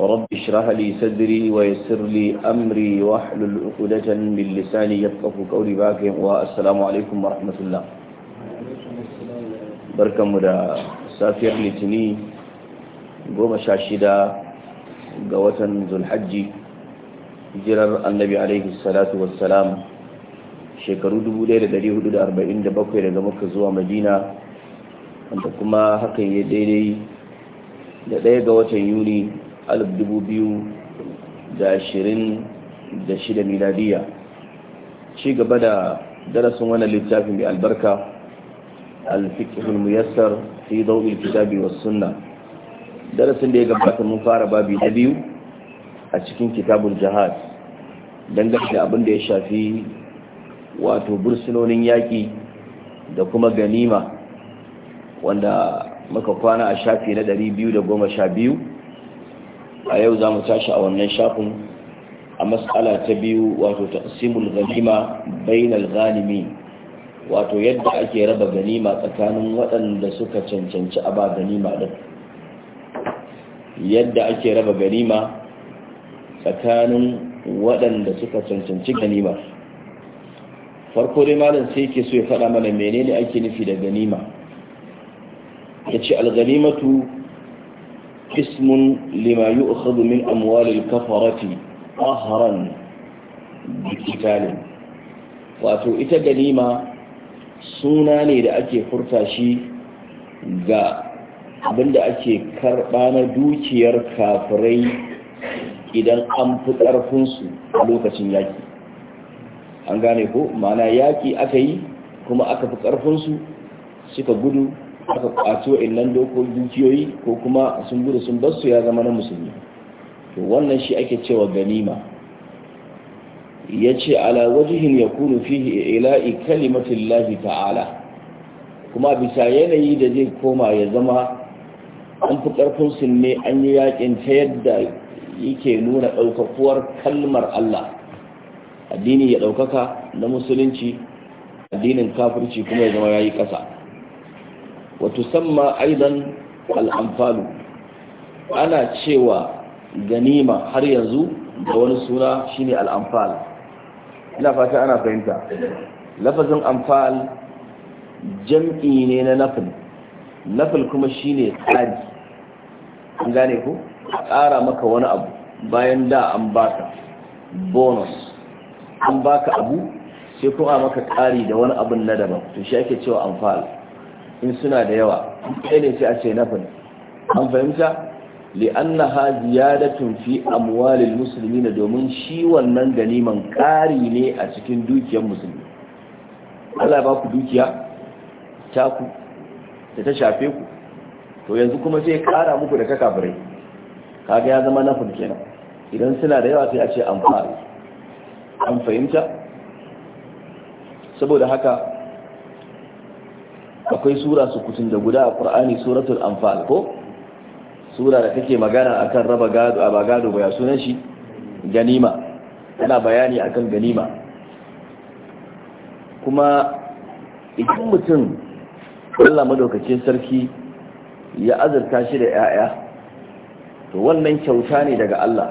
ورب اشرح لي صدري ويسر لي امري واحلل عقدة من لساني يفقهوا قولي باكر والسلام عليكم ورحمة الله barkan mu da safiyar litini goma sha shida ga watan zulhajji jirar annabi alaihi salatu wassalam shekaru 1447 daga muka zuwa madina wanda kuma hakan ya daidai da ɗaya ga watan yuni 2026 miladiya ci gaba da darasin wannan littafin mai albarka alfikihul muyassar fi dau'il kitabi wa sunna darasin da ya gabata mun fara babi na biyu a cikin kitabun jihad dangane da abin da ya shafi wato bursunonin yaƙi da kuma ganima wanda muka kwana a shafi na 212 a yau za mu tashi a wannan shafin a matsala ta biyu wato simul ganima bainal ghanimi wato yadda ake raba ganima tsakanin waɗanda suka cancanci a ba ganima din yadda ake raba ganima tsakanin waɗanda suka cancanci ganima farko dai malam sai ke so ya faɗa mana menene ake nufi da ganima ya ce alganimatu Ismun لما يؤخذ من أموال الكفرة قهرا wato ita ganima suna ne da ake furta shi ga abinda ake karɓa na dukiyar kafirai idan an fi ƙarfinsu a lokacin yaƙi, an gane ko mana yaƙi aka yi kuma aka fi ƙarfinsu suka gudu aka kwato illan dokokin dukiyoyi ko kuma sun gudu sun basu ya zama na musulmi to wannan shi ake cewa ganima Ya ce, ala wajihin ya kuru fihi ila'i lafi ta'ala kuma bisa yanayi da zai koma ya zama an fi karfin su ne an yi yakin ta yadda yake nuna ɗaukakuwar kalmar Allah addini ya ɗaukaka na musulunci addinin kafirci kuma ya zama ya yi ƙasa al'amfalu, ana cewa ganima har yanzu da wani suna shine الأنفال ina fata ana fahimta lafazin amfal jam'i ne na nafil nafil kuma shine tsari an gane ku tsara maka wani abu bayan da an baka bonus an baka abu sai kuma maka ƙari da wani abin na daban to shi ake cewa amfal in suna da yawa ɗaya ne sai a ce nafil an fahimta li'annaha ziyadatun fi amwalil na domin shi wannan ganiman ƙari ne a cikin dukiyar musulmi Allah ba ku dukiya ta ku da ta shafe ku to yanzu kuma sai ƙara muku da kakabirai kaga ya zama nafil kenan idan suna da yawa sai a ce an fahimta saboda haka akwai sura su kutun da guda a ƙur'ani suratul anfal ko sura da take magana akan raba gado a bagado ya sunan shi ganima yana bayani akan ganima kuma ikin mutum Allah madaukacin sarki ya azurta shi da 'ya'ya to wannan kyauta ne daga Allah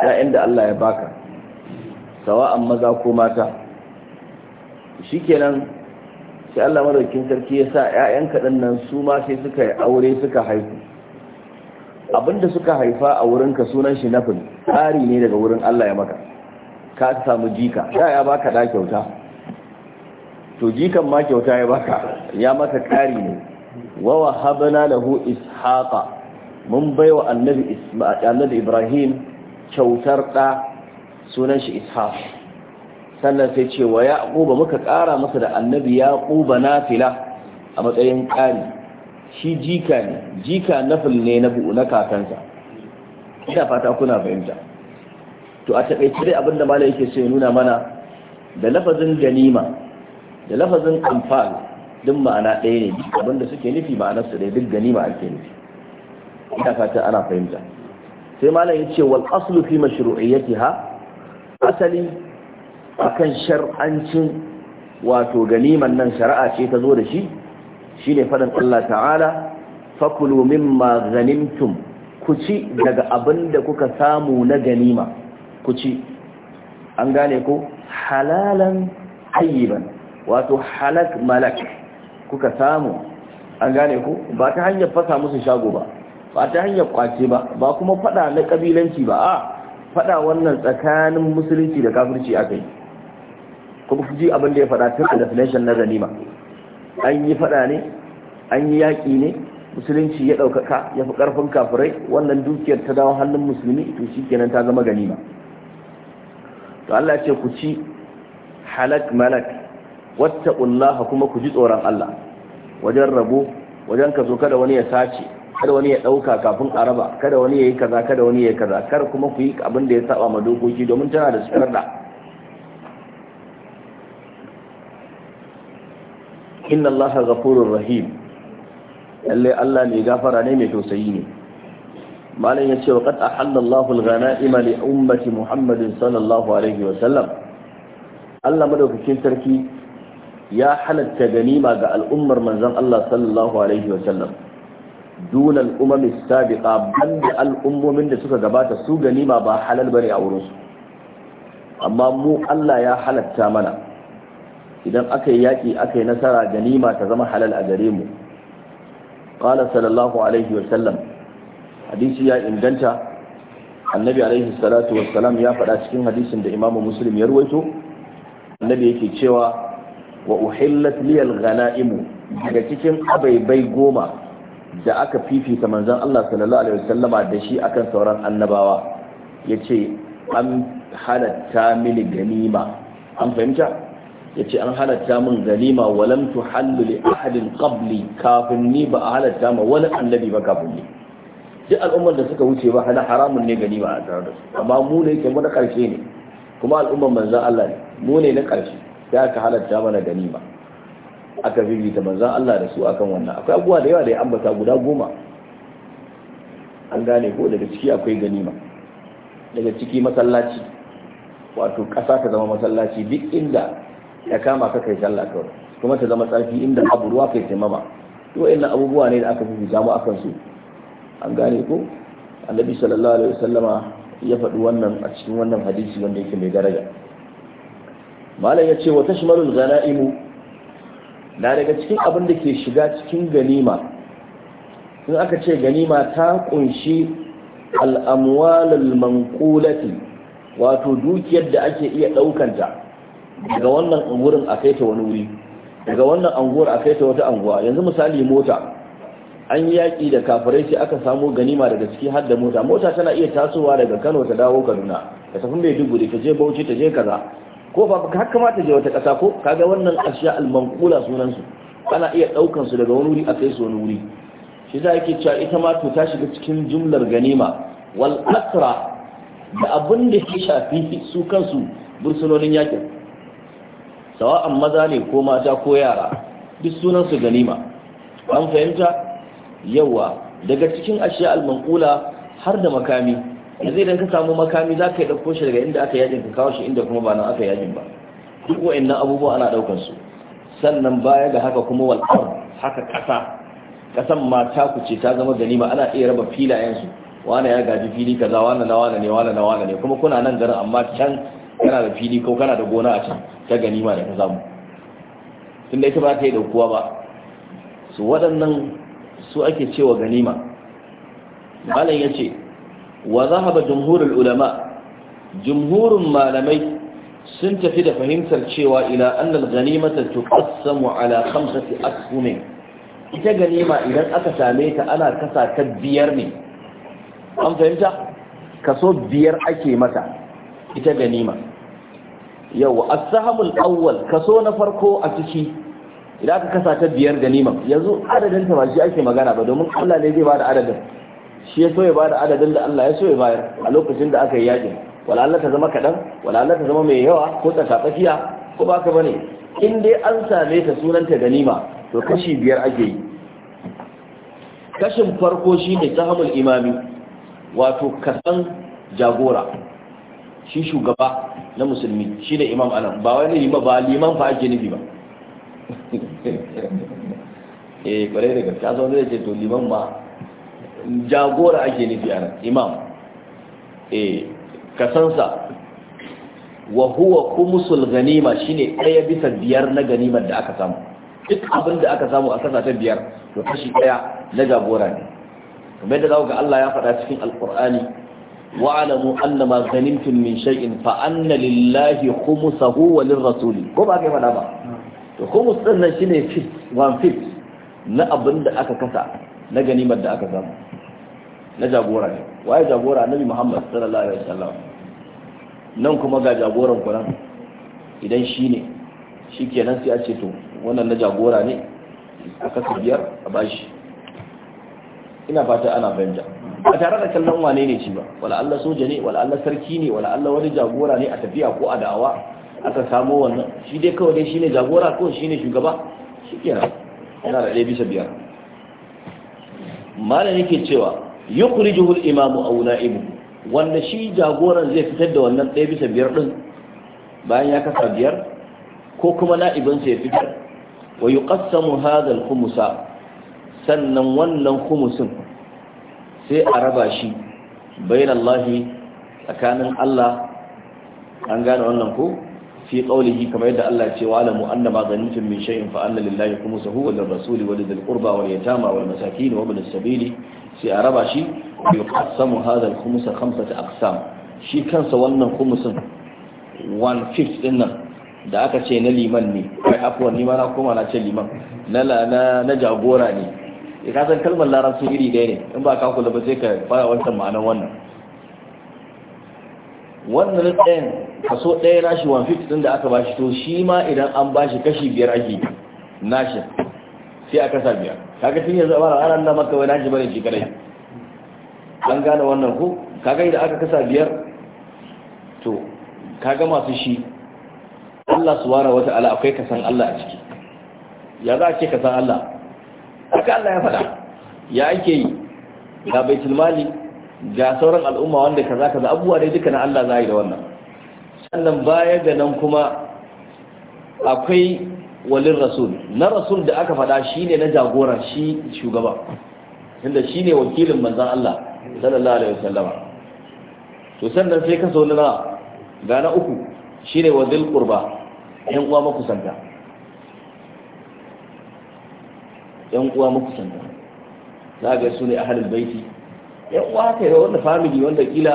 ‘ya'yan da Allah ya baka sawa'an maza ko mata shi kenan sai Allah madaukin sarki ya sa ƴaƴan kaɗan nan su ma sai suka yi aure suka haifu abinda suka haifa a wurin ka sunan shi nafin tsari ne daga wurin Allah ya maka ka samu jika ya ya baka da kyauta to jikan ma kyauta ya baka ya maka ƙari ne wa wahabna lahu ishaqa mun baiwa annabi isma'il annabi ibrahim kyautar da sunan shi ishaq sannan sai ce wa yaquba muka ƙara masa da annabi yaquba fila a matsayin ƙari shi jika ne jika nafil ne na bu'u na kakansa ina fata kuna fahimta to a taƙaice dai abinda malai yake sai ya nuna mana da lafazin ganima da lafazin amfal duk ma'ana ɗaya ne abinda suke nufi ma'anarsa ɗaya duk ganima ake nufi ina fata ana fahimta sai malam ya ce wal aslu fi mashru'iyyatiha asali akan shar'ancin wato ganiman nan shari'a ce ta zo da shi shine faɗin Allah ta'ala fakulu mimma ghanimtum ku ci daga abinda kuka samu na ganima ku ci an gane ko halalan tayyiban wato halak malak kuka samu an gane ko ba ta hanyar fasa musu shago ba ba ta hanyar kwace ba ba kuma fada na kabilanci ba a fada wannan tsakanin musulunci da kafirci akai kuma ji abin da ya faɗa tun da definition na ganima an yi faɗa ne an yi yaƙi ne musulunci ya ɗaukaka ya fi ƙarfin kafirai wannan dukiyar ta dawo hannun musulmi to shi kenan ta zama ganima to Allah ce ku ci halak malak wattaqullaha kuma ku ji tsoron Allah wajen rabo wajen ka zo kada wani ya sace kada wani ya ɗauka kafin a raba kada wani ya yi kaza kada wani ya yi kaza kar kuma ku yi abin da ya saba ma dokoki domin tana da sharda inna allaha ghafurur rahim lalle Allah mai gafara ne mai tausayi ne malam yace wa qad ahalla Allahu al-ghanaima li ummati Muhammadin sallallahu alaihi wa sallam Allah madaukakin sarki ya halatta ganima ga al'ummar manzon Allah sallallahu alaihi wa sallam dun al-umam as-sabiqa banda al'ummomin da suka gabata su ganima ba halal ne a wurin su amma mu Allah ya halatta mana idan aka yi yaƙi aka yi nasara ganima ta zama halal a gare mu ƙala sallallahu alaihi wasallam hadisi ya inganta annabi alaihi salatu wasallam ya faɗa cikin hadisin da imamu muslim ya ruwaito annabi yake cewa wa uhillat liyal ghana'imu daga cikin abaibai goma da aka fifita manzon Allah sallallahu alaihi wasallama da shi akan sauran annabawa yace an halatta mini ganima an fahimta yace an halatta min ganima walam tuhallu li ahadin qabli kafin ni ba a halatta ma wani annabi ba kafin ni duk al'ummar da suka wuce ba hana haramun ne ganima a tare da su amma mu ne ke mu na karshe ne kuma al'ummar manzan Allah ne mu ne na karshe sai aka halatta mana ganima aka bibita manzan Allah da su akan wannan akwai abubuwa da yawa da ya ambata guda goma an gane ko daga ciki akwai ganima daga ciki masallaci wato ƙasa ta zama masallaci duk inda ya kama ka kai sallah kawai kuma ta zama tsarki inda abu ruwa kai taimama to wa'annan abubuwa ne da aka fi jamu a su an gane ko annabi sallallahu alaihi wasallama ya faɗi wannan a cikin wannan hadisi wanda yake mai daraja malam ya ce wa tashmalul ghana'imu na daga cikin abin da ke shiga cikin ganima in aka ce ganima ta kunshi al'amwalul manqulati wato dukiyar da ake iya ɗaukanta daga wannan ungurin a kai wani wuri daga wannan unguwar a kai ta wata unguwa yanzu misali mota an yi yaƙi da kafirai sai aka samu ganima daga ciki har da mota mota tana iya tasowa daga kano ta dawo kaduna ta tafi dubu ta je bauchi ta je kaza ko ba ka haka je wata ƙasa ko kaga wannan ashiya almankula sunansu? su ana iya ɗaukan su daga wani wuri a kai su wani wuri shi za yake cewa ita ma to ta shiga cikin jumlar ganima wal asra da abin da shafi su kansu bursunonin yakin sawa'an maza ne ko mata ko yara duk sunansu ganima an fahimta yawa daga cikin ashiya almankula har da makami da idan ka samu makami za ka yi ɗauko shi daga inda aka yajin ka kawo shi inda kuma ba nan aka yajin ba duk wa'annan abubuwa ana ɗaukan su sannan baya ga haka kuma wal'ar haka ƙasa ƙasan mata ku ce ta zama ganima ana iya raba su wane ya gaji fili kaza wane na wane ne wane na wane ne kuma kuna nan garin amma can kana da fili ko kana da gona a can ta ganima da ka zamu? tun da ita ba ta yi daukuwa ba su waɗannan su ake cewa ganima malam ya ce wa zahaba jumhurul ulama jumhurun malamai sun tafi da fahimtar cewa ila annal ganimata tuqassamu ala khamsati ashumin ita ganima idan aka same ta ana kasa ta biyar ne an fahimta kaso biyar ake mata ita ganima yau a sahmul awwal kaso na farko a ciki idan aka kasa ta biyar ganima yanzu adadin ta ba shi ake magana ba domin Allah ne zai da adadin shi ya so ya da adadin da Allah ya so ya bayar a lokacin da aka yi yakin wala Allah ta zama kaɗan wala Allah ta zama mai yawa ko tsakatsakiya ko ba ka bane in dai an same ta sunanta ganima to kashi biyar ake yi kashin farko shine sahmul imami wato kasan jagora shi shugaba na musulmi shi ne imam anan ba wani lima ba liman fa ake nufi ba eh kwarai da gaske asan zai ce to liman ma jagora ake nufi anan imam eh kasansa wa huwa kumusul ganima shine ɗaya bisa biyar na ganimar da aka samu duk abin da aka samu a kasa ta biyar to kashi ɗaya na jagora ne kamar da zaku ga Allah ya faɗa cikin alqur'ani واعلموا ان ما غنمتم من شيء فان لله خمسه وللرسول ko ba kai fada ba to khumus din nan shine fit, one fit. na abin da aka kasa na ganimar da aka samu na jagora ne waye jagora annabi Muhammad sallallahu alaihi wasallam nan kuma ga jagoran ku nan idan shine shikenan sai a ce to wannan na jagora ne aka biyar a bashi ina fata ana fahimta ba tare da kallon wane ne shi ba wala Allah soja ne wala Allah sarki ne wala Allah wani jagora ne a tafiya ko a da'awa aka samo wannan shi dai kawai dai shine jagora ko shine shugaba shi kenan yana da ɗaya bisa biyar Malami yake cewa yukhrijuhu al-imamu aw na'ibu wanda shi jagoran zai fitar da wannan ɗaya bisa biyar din bayan ya kasa biyar ko kuma na'ibinsa ya fitar wa yuqassamu hadha al-khumsa sannan wannan khumusin sai a raba shi bainallahi tsakanin Allah an gane wannan ko fi qaulihi kamar yadda Allah ya ce wa alamu annama ghanimtum min shay'in fa anna lillahi khumsuhu wa lirrasuli wa lidhil qurba wal yatama wal masakin wa ibn as-sabili sai a raba shi yuqassamu hadha al-khums khamsata aqsam shi kansa wannan khumsin 1/5 din nan da aka ce na liman ne kai afwan ni ma na koma na ce liman na na jagora ne ya san kalmar larabci iri ɗaya ne in ba ka kula ba sai ka fara wancan ma'anar wannan wannan ɗayan kaso ɗaya na shi 150 ɗin da aka bashi to shi ma idan an ba shi kashi biyar ake nashi sai aka sa biyar kaga tun yanzu a ranar nan maka wai nashi bane shi kadai an gane wannan ko kaga idan aka kasa biyar to kaga masu shi Allah su wata ala, akwai kasan Allah a ciki ya za a ce kasan Allah haka Allah ya faɗa ya ake yi ga baitul mali ga sauran al'umma wanda kaza kaza abubuwa dai duka na Allah za yi da wannan sannan baya ga nan kuma akwai walin rasul na rasul da aka faɗa shine na jagoran shi shugaba inda shine wakilin manzon Allah sallallahu alaihi wasallama to sannan sai ka so na ga na uku shine wazil qurba yan uwa makusanta yan uwa makusanta za ga su ne halin baiti yan uwa kai da wanda famili wanda kila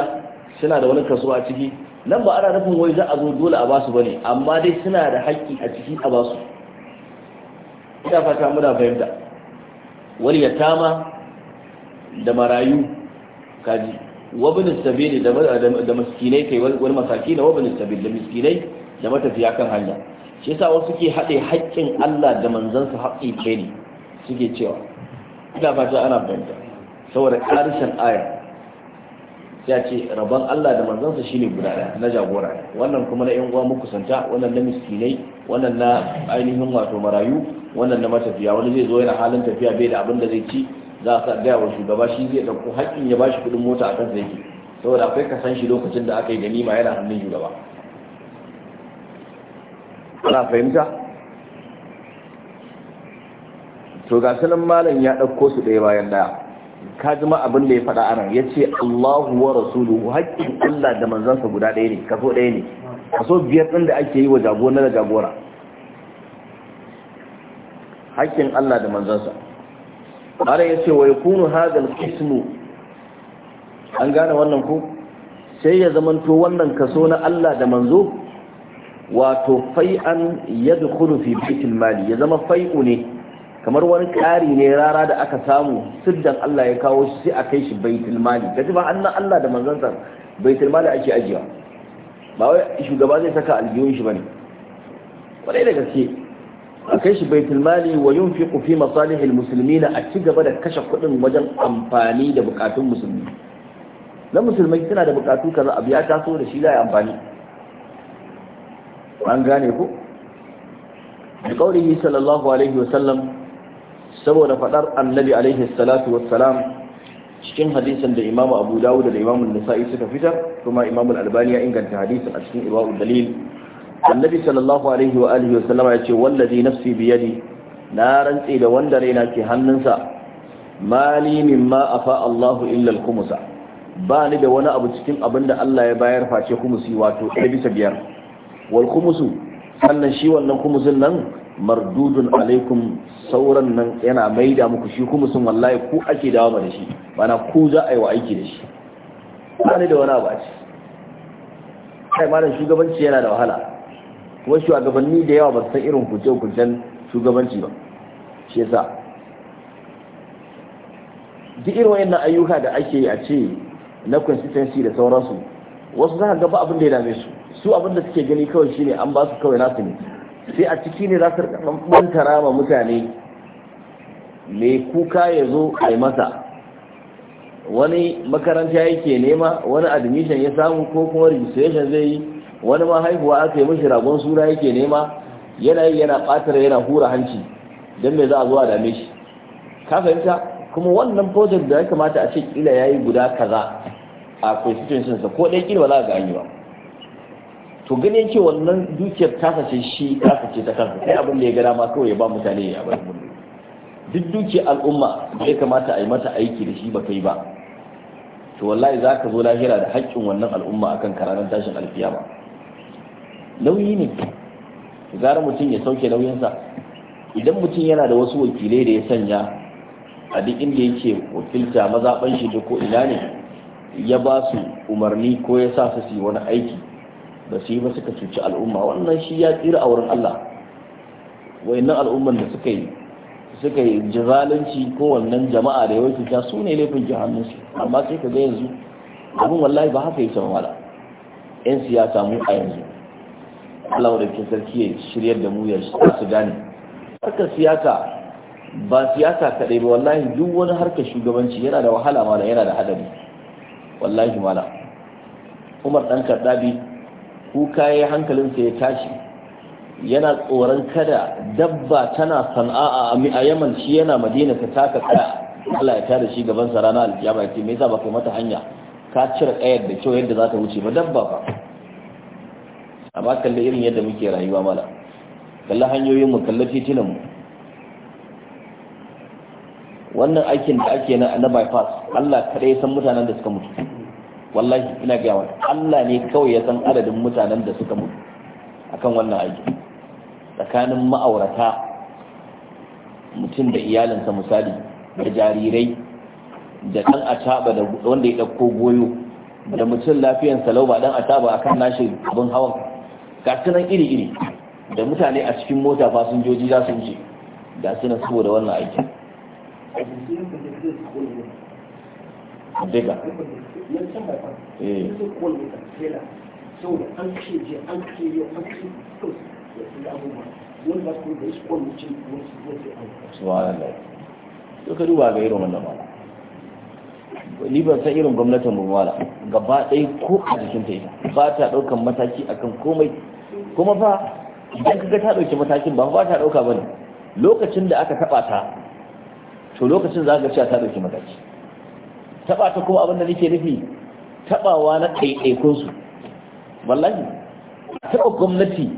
suna da wani kaso a ciki nan ba ana nufin wai za a zo dole a basu bane amma dai suna da haƙƙi a ciki a basu ina fata muna fahimta Wani ya tama da marayu kaji wabin sabili da da miskinai kai wani masaki da wabin sabili da miskinai da matafiya kan hanya shi yasa wasu ke haɗe haƙƙin Allah da manzansa haƙƙi ne suke cewa ina fata ana fahimta saboda karshen aya ya ce rabon Allah da manzansa shine guda ɗaya na jagora wannan kuma na yan uwa santa wannan na miskinai wannan na ainihin wato marayu wannan na matafiya wani zai zo yana halin tafiya bai da abin da zai ci za a gaya wa shugaba shi zai ɗauko haƙƙin ya bashi kuɗin mota a kansa yake saboda akwai san shi lokacin da aka yi ganima yana hannun shugaba ana fahimta to ga sanin malam ya ɗauko su ɗaya bayan ɗaya ka jima abin da ya faɗa a nan ya ce Allahu wa rasuluhu haƙƙin Allah da manzansa guda ɗaya ne kaso ɗaya ne kaso biyar ɗin da ake yi wa jagora da jagora haƙƙin Allah da manzansa ƙara ya ce wa ya kunu hadal kismu an gane wannan ku? sai ya zamanto wannan kaso na Allah da manzo wato fai'an yadda dukunu fi bikin mali ya zama fai'u ne kamar wani ƙari ne rara da aka samu siddan Allah ya kawo shi sai a kai shi baitul mali kaji ba annan Allah da manzansa baitul mali ake ajiya ba wai shugaba zai saka aljihun shi bane kwarai da gaske a kai shi baitul mali wa yunfiqu fi masalihil muslimina a ci gaba da kashe kuɗin wajen amfani da bukatun musulmi na musulmai suna da bukatu kaza abu ya taso da shi za a amfani an gane ko da kaurihi sallallahu alaihi wa sallam saboda faɗar annabi alaihi salatu wassalam cikin hadisin da imamu abu dawud da imamu Nisa'i suka fitar kuma imamu albani ya inganta hadisin a cikin irwa'u dalil annabi sallallahu alaihi wa alihi wa sallama ya ce wallazi nafsi biyadi na rantse da wanda raina ke hannunsa mali mimma afa Allahu illa al-khumsa ba ni da wani abu cikin abin da Allah ya bayar face kumusi wato ɗaya bisa biyar wal kumusu sannan shi wannan kumusin nan mardudun alaikum sauran nan yana mai da muku shi kuma sun wallahi ku ake dawo da shi mana ku za a yi wa aiki da shi ba ne da wani abu a ce kai malam shugabanci yana da wahala kuma shugabanni da yawa ba san irin kuce-kucen shugabanci ba shi yasa duk irin wannan ayyuka da ake a ce na consistency da sauransu wasu za ka gaba abin da ya dame su su abin da suke gani kawai shine an ba su kawai nasu ne sai a ciki ne za su ɓantara ma mutane mai kuka ya zo a yi masa wani makaranta yake nema wani admission ya samu ko kuma registration zai yi wani ma haihuwa aka yi mashi ragon suna yake nema yana yi yana ɓatar yana hura hanci don mai za a zuwa dame shi ka fahimta kuma wannan project da ya kamata a ce kila yi guda kaza a sa ko ɗaya kila ba za a gani ba to ya ce wannan dukiyar tasa shi ta ce ta kansa sai abin da ya gara ma kawai ya ba mutane ya bar mu duk dukiyar al'umma da ya kamata a yi mata aiki da shi ba kai ba to wallahi za ka zo lahira da haƙƙin wannan al'umma akan karanan tashin alfiyama nauyi ne gara mutum ya sauke nauyinsa idan mutum yana da wasu wakilai da ya sanya a duk inda yake wakilta mazaɓan shi da ko ina ne ya ba su umarni ko ya sa su yi wani aiki ba su yi ba suka cuci al'umma wannan shi ya tsira a wurin Allah Wai wayannan al'umman da suka yi suka yi jizalunci ko wannan jama'a da yawai cuta su ne laifin jihannunsu amma sai ka ga yanzu abin wallahi ba haka yi sama da yan siyasa mu a yanzu Allah da ke sarki ya shirya da mu ya su gane harkar siyasa ba siyasa kaɗai ba wallahi duk wani harkar shugabanci yana da wahala mala yana da hadari wallahi mala umar ɗan kaddabi kuka hankalin hankalinsa ya tashi yana tsoron kada dabba tana sana'a a yaman shi yana madina ta taka tsaya. Allah ya tada shi gaban sa ranar alkiyama ya ce me yasa ba kai mata hanya ka cire kayar da kyau yadda za ta wuce ba dabba ba amma kalle irin yadda muke rayuwa mala kalle hanyoyin mu kalle wannan aikin da ake na bypass Allah kaɗai ya san mutanen da suka mutu wallahi ina gaya maka Allah ne kawai ya san adadin mutanen da suka mutu akan wannan aiki tsakanin ma'aurata mutum da iyalinsa misali da jarirai da ɗan ataba da wanda ya dauko goyo da mutum lafiyan salau ba ɗan ataba akan nashi abin hawan ga sunan iri-iri da mutane a cikin mota fasinjoji za su wuce ga sunan saboda wannan aiki diga eh. subhanallah to ka duba ga irin wannan mala ni ban san irin gwamnatin mu mala gaba ɗaya ko a jikin ta ita ba ta ɗaukan mataki akan komai kuma fa idan kaga ta ɗauki matakin ba ba ta ɗauka bane lokacin da aka taɓa ta to lokacin za ka ga cewa ta ɗauki mataki taba ta kuma abin da nake nufi tabawa na ɗaiɗaikun su wallahi taba gwamnati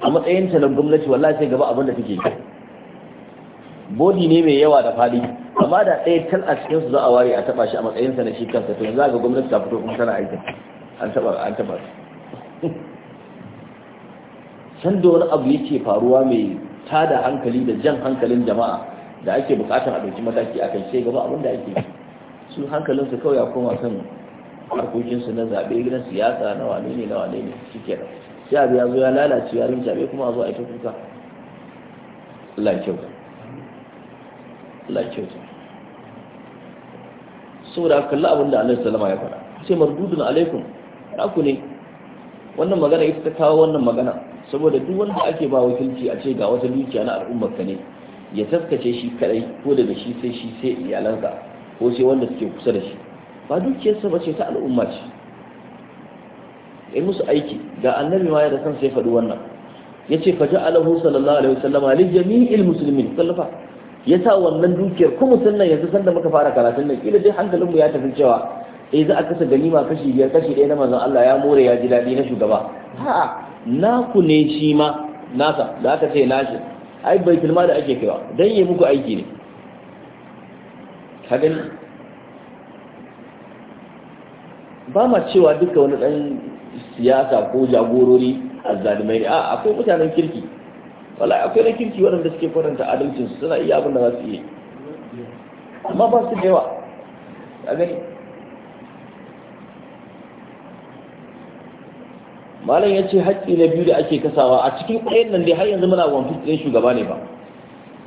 a matsayin ta na gwamnati wallahi sai gaba abin da take bodi ne mai yawa da fali amma da ɗaya tal a cikin su za a ware a taba shi a matsayin sa na shi kansa to yanzu ga gwamnati ta fito kuma tana aikin an taba an taba san da wani abu yake faruwa mai tada hankali da jan hankalin jama'a da ake bukatar a ɗauki mataki a kai sai gaba abin da ake yi su hankalinsu kawai a koma kan harkokinsu na zaɓe gidan siyasa na wane ne na wane ne shi ke nan abu ya zo ya lalace ya rinja bai kuma a zo a ita kuka Allah ya ta. Allah saboda kalla abin da Allah sallama ya faɗa ce mardudun alaikum ku ne wannan magana ita ta kawo wannan magana saboda duk wanda ake ba wakilci a ce ga wata dukiya na al'ummar ka ne ya taskace shi kadai ko daga shi sai shi sai iyalansa ko sai wanda suke kusa da shi ba dukiyarsa ba ce ta al'umma ce ai musu aiki ga annabi ma ya da kansa ya faɗi wannan ya ce faja alahu sallallahu alaihi wasallama li jami'il muslimin kallafa ya sa wannan dukiyar kuma sannan yanzu sanda muka fara karatun nan kila dai hankalin mu ya tafi cewa eh za a kasa ganima kashi biyar kashi ɗaya na manzon Allah ya more ya ji daɗi na shugaba ha ku ne shi ma nasa da aka ce nashi ai baitul da ake kaiwa dan yi muku aiki ne ka gani ba ma cewa duka wani ɗan siyasa ko jagorori a zalimai ne a akwai mutanen kirki wala akwai na kirki waɗanda suke faranta su? suna iya abin da za su iya amma ba su da yawa a gani malam ya ce haƙƙi na biyu da ake kasawa a cikin ɗayan nan dai har yanzu muna wanzu ɗin shugaba ne ba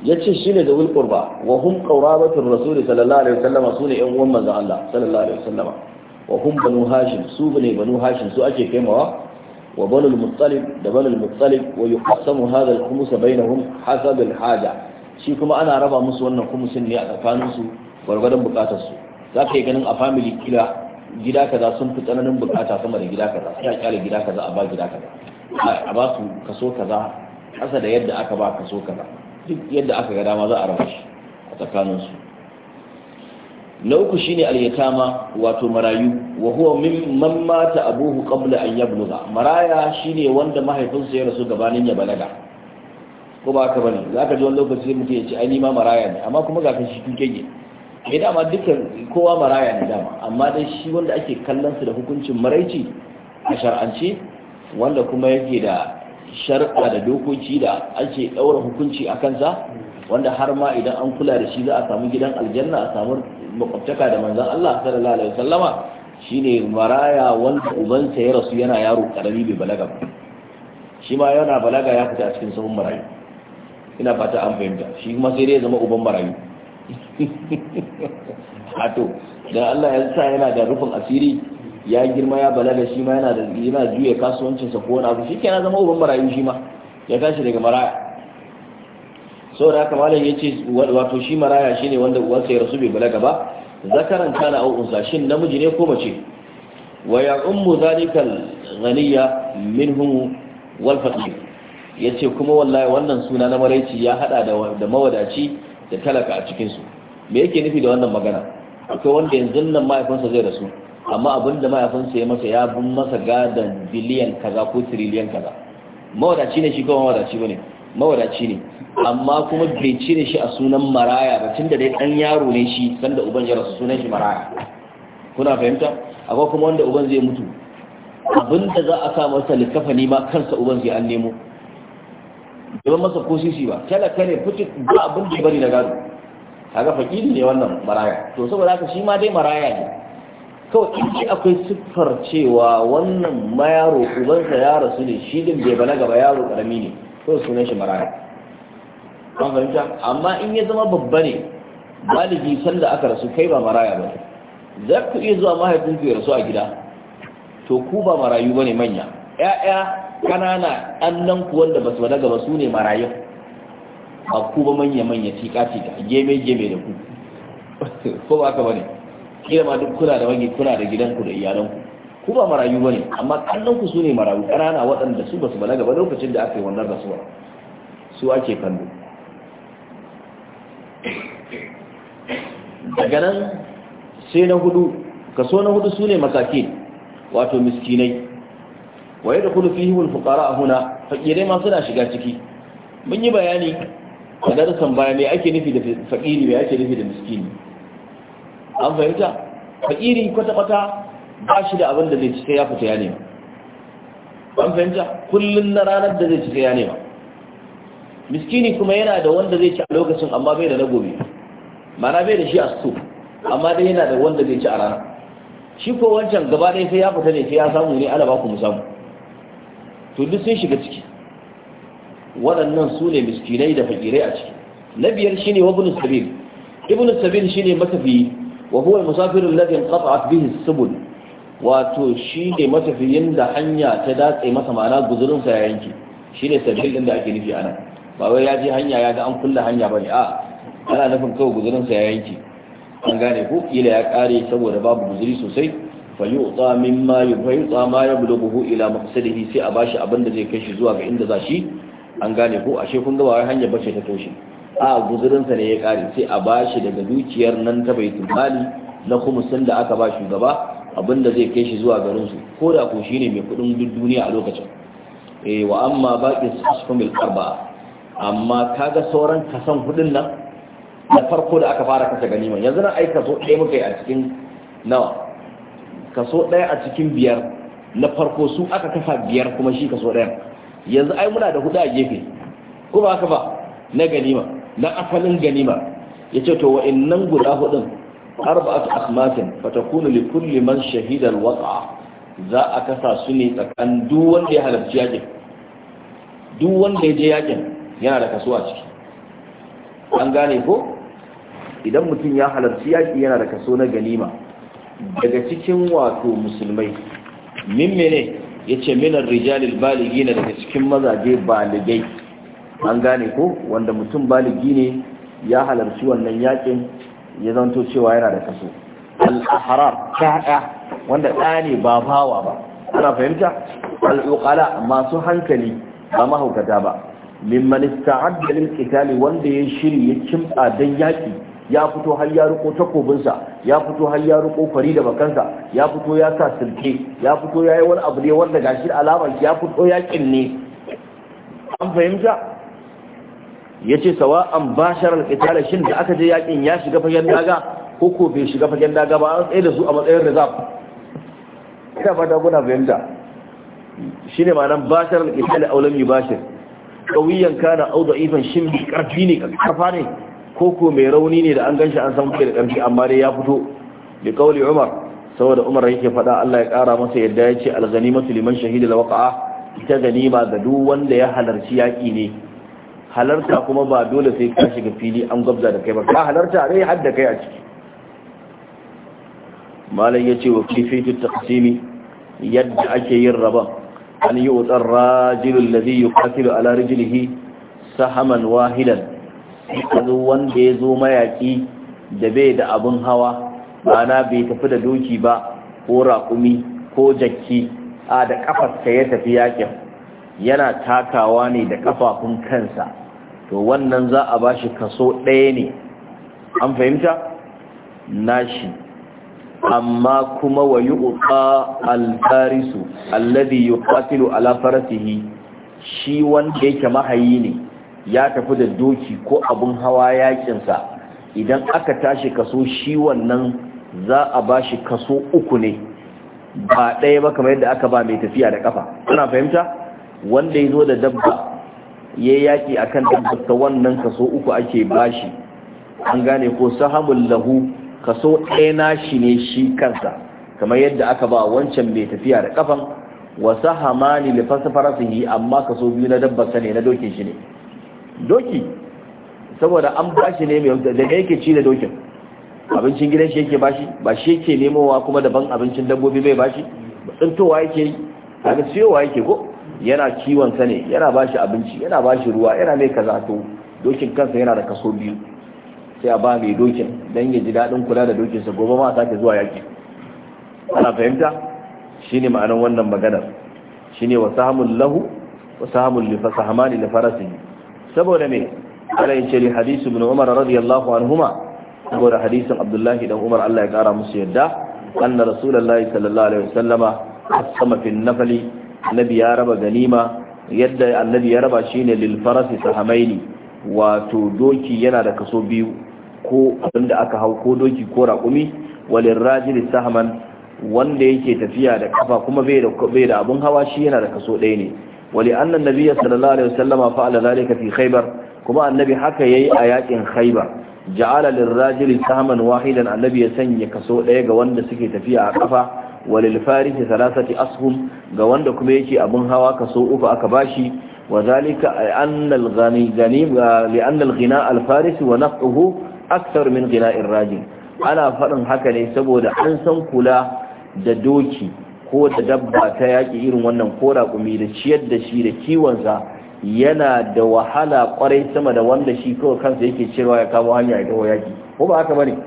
yace shine da wulqurba wa hum qawrabatur rasul sallallahu alaihi su ne yan uwan manzon Allah sallallahu alaihi wasallam wa hum banu hashim su bane banu hashim su ake kaimawa wa banu al da banu al-muttalib wa yuqassamu hadha al-khumus bainahum hasab al-haja shi kuma ana raba musu wannan kumusin ne a tsakaninsu gwargwadon bukatar su ka yi ganin a family kila gida kaza sun fi tsananin bukata sama da gida kaza sai a kyale gida kaza a ba gida kaza a ba su kaso kaza kasa da yadda aka ba kaso kaza duk yadda aka ga dama za a raba shi a tsakaninsu na uku shine al wato marayu wa huwa man mata abuhu qabla an yabluga maraya shine wanda mahaifinsa ya rasu gabanin ya balaga ko ba ka bane zaka ji wani lokaci mutum ya ce ai ni ma maraya ne amma kuma ga kan shi Me da eh, dama dukkan kowa maraya ne dama amma dai shi wanda ake kallon su da hukuncin maraici a shar'ance wanda kuma yake da Sharɗa da dokoki da ake ɗaura hukunci a kansa wanda har ma idan an kula da shi za a samu gidan aljanna a samu makwabtaka da manzan Allah sallallahu alaihi wasallama shine maraya wanda ubansa ya rasu yana yaro karami bai balaga ba shi ma yana balaga ya fita a cikin sabon marayu ina fata an fahimta shi kuma sai dai ya zama uban marayu hato da Allah ya sa yana da rufin asiri ya girma ya balaga shi ma yana da yana juya kasuwancinsa ko wani abu shikenan zama uban marayu shi ma ya tashi daga maraya saboda haka malam yace wato shi maraya shine wanda uwansa ya rasu bai balaga ba zakaran kana au shin namiji ne ko mace wa ya ummu zalikal ghaniya minhum wal faqir yace kuma wallahi wannan suna na maraici ya hada da da mawadaci da talaka a cikin su me yake nufi da wannan magana akwai wanda yanzu nan mahaifinsa zai rasu amma abin da mahaifinsa ya masa ya bin masa gadon biliyan kaza ko tiriliyan kaza mawadaci ne shi kawai mawadaci ba ne mawadaci ne amma kuma bai cire shi a sunan maraya ba tun da dai ɗan yaro ne shi sanda uban ya rasu sunan shi maraya kuna fahimta akwai kuma wanda uban zai mutu abin da za a sa masa likafani ma kansa uban zai an nemo ba masa ko sisi ba talaka ne fitu ba abin da bari na gado kaga fakiri ne wannan maraya to saboda haka shi ma dai maraya ne kawai in akwai siffar cewa wannan mayaro ubansa ya rasu ne shi din bai balaga ba yaro karami ne to sunan shi maraya an fahimta amma in ya zama babba ne galibi sanda aka rasu kai ba maraya ba za ku iya zuwa ku ya rasu a gida to ku ba marayu ba ne manya kanana ƙanana nan ku wanda ba su balaga ba su ne marayu a ku ba manya-manya tika-tika geme-geme da ku ko ba ka ba ne kila ma duk kuna da wani kuna da gidanku da iyalanku ku ba marayu bane amma kallonku su sune marayu ƙanana waɗanda su basu balaga ba lokacin da aka yi wannan rasuwa su ake kallo daga nan sai na hudu kaso na hudu sune masakin wato miskinai wa yadkhulu fihi al-fuqara huna fakirai ma suna shiga ciki mun yi bayani a darasan baya me ake nufi da fakiri me ake nufi da miskini an fahimta fa'iri kwata-kwata ba shi da abin da zai cika ya fita ya nema an fahimta kullum na ranar da zai cika ya nema miskini kuma yana da wanda zai ci a lokacin amma bai da na gobe mana bai da shi a su amma dai yana da wanda zai ci a rana shi ko wancan gaba ɗaya sai ya fita ne sai ya samu ne alaba ku mu samu to duk sun shiga ciki waɗannan su ne miskinai da fakirai a ciki na biyar shine wabnus sabil ibn sabil shine matafiyi wa huwa musafirin musafir alladhi inqata'at bihi as-subul wato shi ne matafiyin da hanya ta datse masa ma'ana guzurin sa ya yanke shi ne sabil din da ake nufi anan ba wai ya je hanya ya ga an kulle hanya bane a ana nufin kawai guzurin sa ya yanke an gane ko kila ya kare saboda babu guzuri sosai fa yu'ta mimma yu'ta ma yablughu ila maqsadihi sai a bashi abin da zai kai shi zuwa ga inda za shi an gane ko ashe kun ga ba wai hanya bace ta toshe a guzurinsa ne ya kare sai a bashi daga dukiyar nan ta baitul mali na kumusin da aka ba shugaba abinda zai kai shi zuwa garin su ko da ko shine mai kudin duniya a lokacin eh wa amma baqi sufumil arba amma kaga sauran kasan hudun nan da farko da aka fara kasa ganima yanzu nan ai kaso ɗaya muka yi a cikin nawa kaso ɗaya a cikin biyar na farko su aka kafa biyar kuma shi kaso ɗaya yanzu ai muna da hudu a gefe ko ba ka ba na ganima na asalin ganima yace to wa innan guda hudun arba'atu asmatin fatakunu li kulli man shahida alwaqa za a kasa su ne tsakan duk wanda ya halarci yakin duk wanda ya je yakin yana da kaso a ciki an gane ko idan mutum ya halarci yaki yana da kaso na ganima daga cikin wato musulmai min mene yace minar rijalil baligina daga cikin mazaje baligai an gane ko wanda mutum baligi ne ya halarci wannan yakin ya zanto cewa yana da kaso al-ahrar ta'ya wanda ɗa ba bawa ba ana fahimta al-uqala masu hankali ba mahaukata ba mimman ista'adda lil qitali wanda ya shiri ya kimtsa dan yaki ya fito har ya riko takobinsa ya fito har ya riko fari da bakansa ya fito ya sa sirke ya fito ya wani abu ne wanda gashi alaman ya fito yakin ne an fahimta ya ce sawa'an bashar al shi da aka je yakin ya shiga fagen daga ko ko bai shiga fagen daga ba an tsaye da su a matsayin rizab. ina fata kuna shi ne ma'anar bashar al-qital yi lam yubashir ka na aw ifan shi mai karfi ne ƙarfa. ne ko ko mai rauni ne da an ganshi an san kai da ƙarfi amma dai ya fito bi ƙauli umar saboda umar yake fada Allah ya kara masa yadda ce alzani masu liman shahida da waƙa'a ita ganima ga duk wanda ya halarci yaƙi ne halarta kuma ba dole sai ka shiga fili an gwabza da kai ba ka halarta rai har da kai a ciki malam ya ce wa kifaitu taqsimi yadda ake yin rabon an yi wutsar rajilun lazi yi kafilu ala rijilihi sahaman wahidan kazo wanda ya zo mayaƙi da bai da abin hawa ma'ana bai tafi da doki ba ko raƙumi ko jakki a da ƙafarsa ya tafi yaƙin yana takawa ne da kafafun kansa to wannan za a bashi kaso ɗaya ne an fahimta nashi amma kuma wa yi uka alfarisu alladi yi ala farasihi shi wanda yake mahayi ne ya tafi da doki ko abun hawa yakinsa. idan aka tashi kaso shi wannan za a bashi kaso uku ne ba ɗaya ba kamar yadda aka ba mai tafiya da kafa kuna fahimta wanda ya zo da dabba ya yaƙi a kan ta wannan kaso uku ake bashi an gane ko sahamun lahu kaso ɗaya nashi ne shi kansa kamar yadda aka ba wancan mai tafiya da kafan wa da li fasfarasihi amma kaso biyu na dabbasta ne na dokin shi ne doki saboda an bashi ne mai da yake ci da dokin abincin gidan shi yake bashi ba shi yake nemowa kuma daban abincin dabbobi bai bashi tsintowa yake yi ga siyowa yake ko yana kiwon sa ne yana bashi abinci yana bashi ruwa yana mai kaza to dokin kansa yana da kaso biyu sai a ba mai dokin Dan ya ji daɗin kula da dokinsa gobe ma sake zuwa yaƙi ana fahimta shine ma'anar wannan maganar shine wa samun lahu wa samun lifa sahamani da farasihi saboda me ala yin shari hadisu ibn umar radiyallahu anhuma saboda hadisin abdullahi dan umar Allah ya kara musu yadda anna rasulullahi sallallahu alaihi wasallama asama fil nafali annabi ya raba ganima yadda annabi ya raba shine lil farasi sahamaini wato doki yana da kaso biyu ko abinda aka hau ko doki ko raƙumi walin rajili sahaman wanda yake tafiya da kafa kuma bai da abun hawa shi yana da kaso ɗaya ne wali annan nabi sallallahu alaihi wasallama fa'ala zalika fi khaybar kuma annabi haka yayi a yakin khaybar ja'ala lirrajili sahaman wahidan annabi ya sanya kaso ɗaya ga wanda suke tafiya a kafa walil farisi salasati ashum ga wanda kuma yake abun hawa kaso uku aka bashi wa zalika anna al-ghani ganim li anna al-ghina al-faris wa naqhu akthar min ghina ar-rajul ana fadin haka ne saboda an san kula da doki ko da dabba ta yaki irin wannan kora kumi da ciyar da shi da kiwon sa yana da wahala kwarai sama da wanda shi kawai kansa yake cewa ya kawo hanya ya taho yaki ko ba haka bane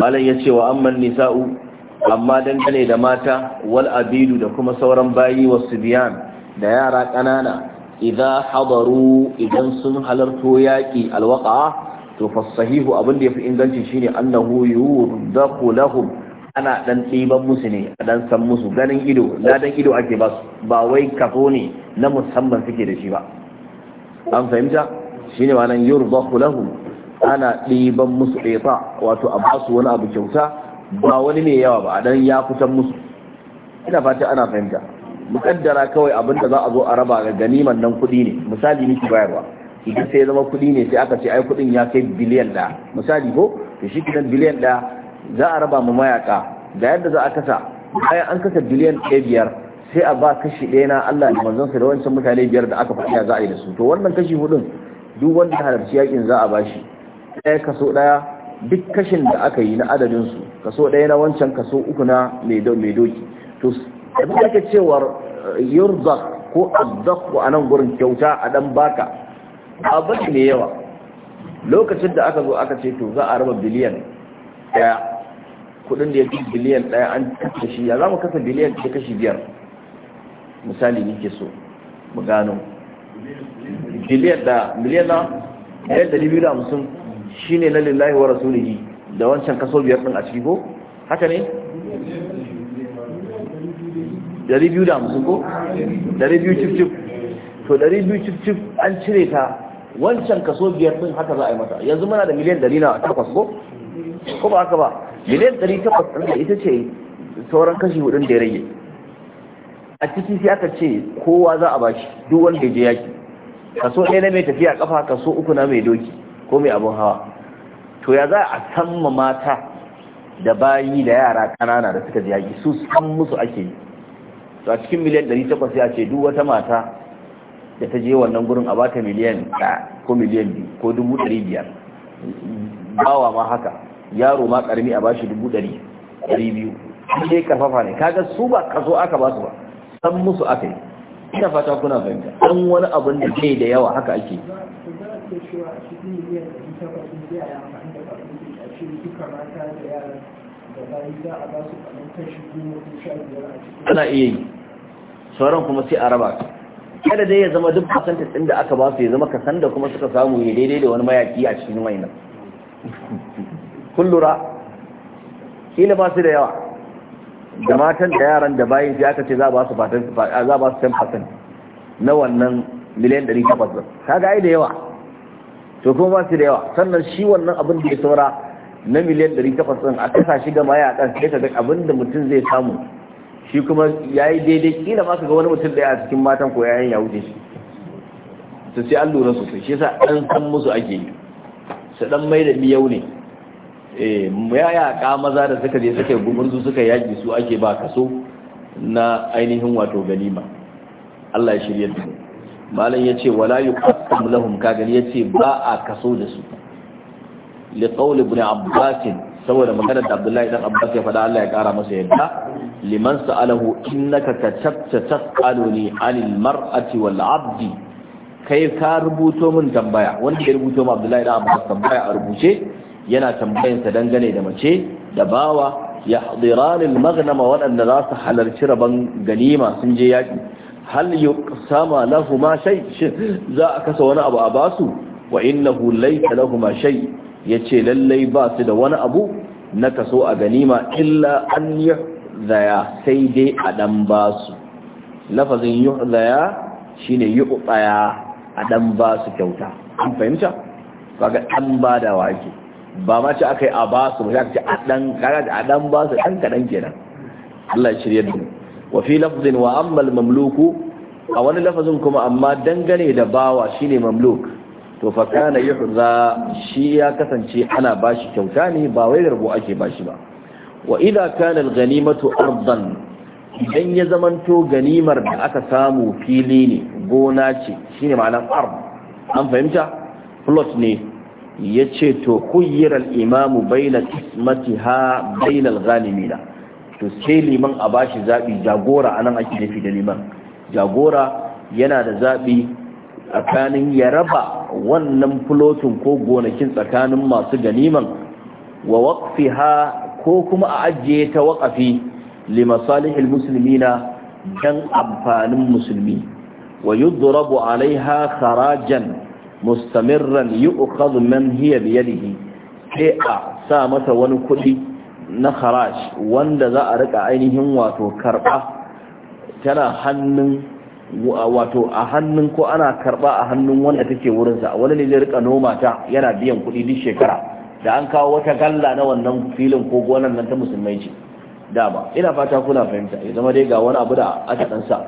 malam ya ce wa amman nisa'u amma dangane da mata wal abidu da kuma sauran bayi wasu biyan da yara ƙanana idza idan sun halarto yaƙi alwaƙa, to fasahihu abin da ya fi inganci shine annahu yurdaqu lahum ana dan ɗiban musu ne a dan san musu ganin ido ladan ido ake ba su ba wai kafo ne na musamman suke da shi ba an fahimta shine ma nan lahum ana ɗiban musu ɗeta wato a basu wani abu kyauta ba wani mai yawa ba dan ya kusan musu ina fata ana fahimta mukaddara kawai abin da za a zo a raba ga ganiman nan kuɗi ne misali miki bayarwa idan sai zama kuɗi ne sai aka ce ai kuɗin ya kai biliyan da misali ko to shi kidan biliyan daya za a raba mu mayaka da yadda za a kasa bayan an kasa biliyan 5 sai a ba kashi ɗaya na Allah da manzon sa da wancan mutane biyar da aka faɗi za a yi da su to wannan kashi hudun duk wanda halarci yakin za a bashi ɗaya kaso ɗaya duk kashin da aka yi na adadinsu kaso ɗaya na wancan kaso uku na mai doki to abin da ake cewar eh, yurza ko azzak a nan gurin kyauta a ɗan baka abu ne yawa lokacin da aka zo aka ce to za a raba biliyan ɗaya kudin da ya fi biliyan ɗaya an kashe shi ya za mu kasa biliyan ta kashi biyar misali ke so mu gano biliyan da miliyan na ɗaya da biyu da hamsin ne na lillahi wa rasulihi da wancan kaso biyar ɗin a ciki ko haka ne biyu da musu ko biyu cif cif to biyu cif cif an cire ta wancan kaso biyar ɗin haka za a yi mata yanzu muna da miliyan na takwas ko ko ba haka ba miliyan takwas ɗin da ita ce sauran kashi hudun da ya rage a ciki sai aka ce kowa za a bashi duk wanda ya je yaki kaso ɗaya na mai tafiya kafa kaso uku na mai doki ko mai abun hawa to ya za a san mata da bayi da yara kanana da suka ji yaki su san musu ake yi to a cikin miliyan 800 ya ce duk wata mata da ta je wannan gurin a bata miliyan 1 ko miliyan biyu, ko dubu ɗari biyar bawa ma haka yaro ma ƙarami a bashi ɗari 200 sai karfafa ne kaga su ba kaso aka ba su ba san musu aka yi ina fata kuna fahimta Ɗan wani abin da ke da yawa haka ake da cewa a cikin miliyan ne amfani da a mata da da bayi za a ba su kashi goma ko sha biyar a cikin ana iya yi sauran kuma sai a raba kada dai ya zama duk kasance ɗin da aka ba su ya zama kasan da kuma suka samu ya daidai da wani mayaki a cikin mai nan kun lura kila ba su da yawa da matan da yaran da bayan sai aka ce za ba Za ba su 10% na wannan miliyan 800 kaga ai da yawa to kuma ba su da yawa sannan shi wannan abin da ya saura na miliyan 800 ɗin a kasa shi ga maya kan sai ta abin da mutum zai samu shi kuma ya yi daidai kila ba su ga wani mutum da ya cikin matan ko yayin ya wuce shi to sai an lura sosai shi yasa an san musu ake yi su dan mai da miyau ne eh ya maza da suka je suka yi gumurzu suka yaki su ake ba kaso na ainihin wato ganima Allah ya shirya da mu malam yace wala yuqassam lahum ya yace ba a kaso da su li qawli ibn saboda maganar da abdullahi dan abbas ya faɗa Allah ya kara masa yadda liman sa'alahu innaka katabta tas'aluni 'anil mar'ati wal 'abdi kai ka rubuto min tambaya wanda ya rubuto min abdullahi dan abbas tambaya a rubuce yana tambayansa dangane da mace da bawa ya hadiran al waɗanda za su halarci rabon ganima sun je yaƙi hal yuqsama ma shay za a kasa wani abu a basu wa innahu laysa shai shay yace lallai ba su da wani abu na kaso a ganima illa an zaya sai dai a dan basu lafazin yuhdaya shine yuqaya a dan basu kyauta an fahimta kaga an da wake ba ma ce akai a basu ba sai a ce a dan kaga a dan basu dan kadan kenan Allah ya shirye da mu wafi lafazin wa ammal mamluku a wani lafazin kuma amma dangane da bawa shine mamluk to fakana kana huza shi ya kasance ana bashi kyauta ne ba wai garbo ake bashi ba wa idan kanal al ardan idan ya zamanto ganimar da aka samu fili ne gona ce shine ma'anar ard an fahimta plot ne yace to khuyyira imamu bayna qismatiha bayna al-ghanimina to sai liman a bashi zaɓi jagora anan ake nufi da liman jagora yana da zaɓi tsakanin ya raba wannan fulotin ko gonakin tsakanin masu ganiman wa waqfiha ko kuma a ajiye ta waƙafi masalihil muslimina dan amfanin musulmi wa yudrabu alaiha kharajan mustamirran yu'khadhu man hiya biyadihi sai a sa masa wani kuɗi na kharash wanda za a rika ainihin wato karba tana hannun wato a hannun ko ana karba a hannun wanda take wurinsa wani ne zai rika noma ta yana biyan kudi duk shekara da an kawo wata galla na wannan filin ko gonan nan ta musulmai ce dama ina fata kuna fahimta ya zama dai ga wani abu da aka dan sa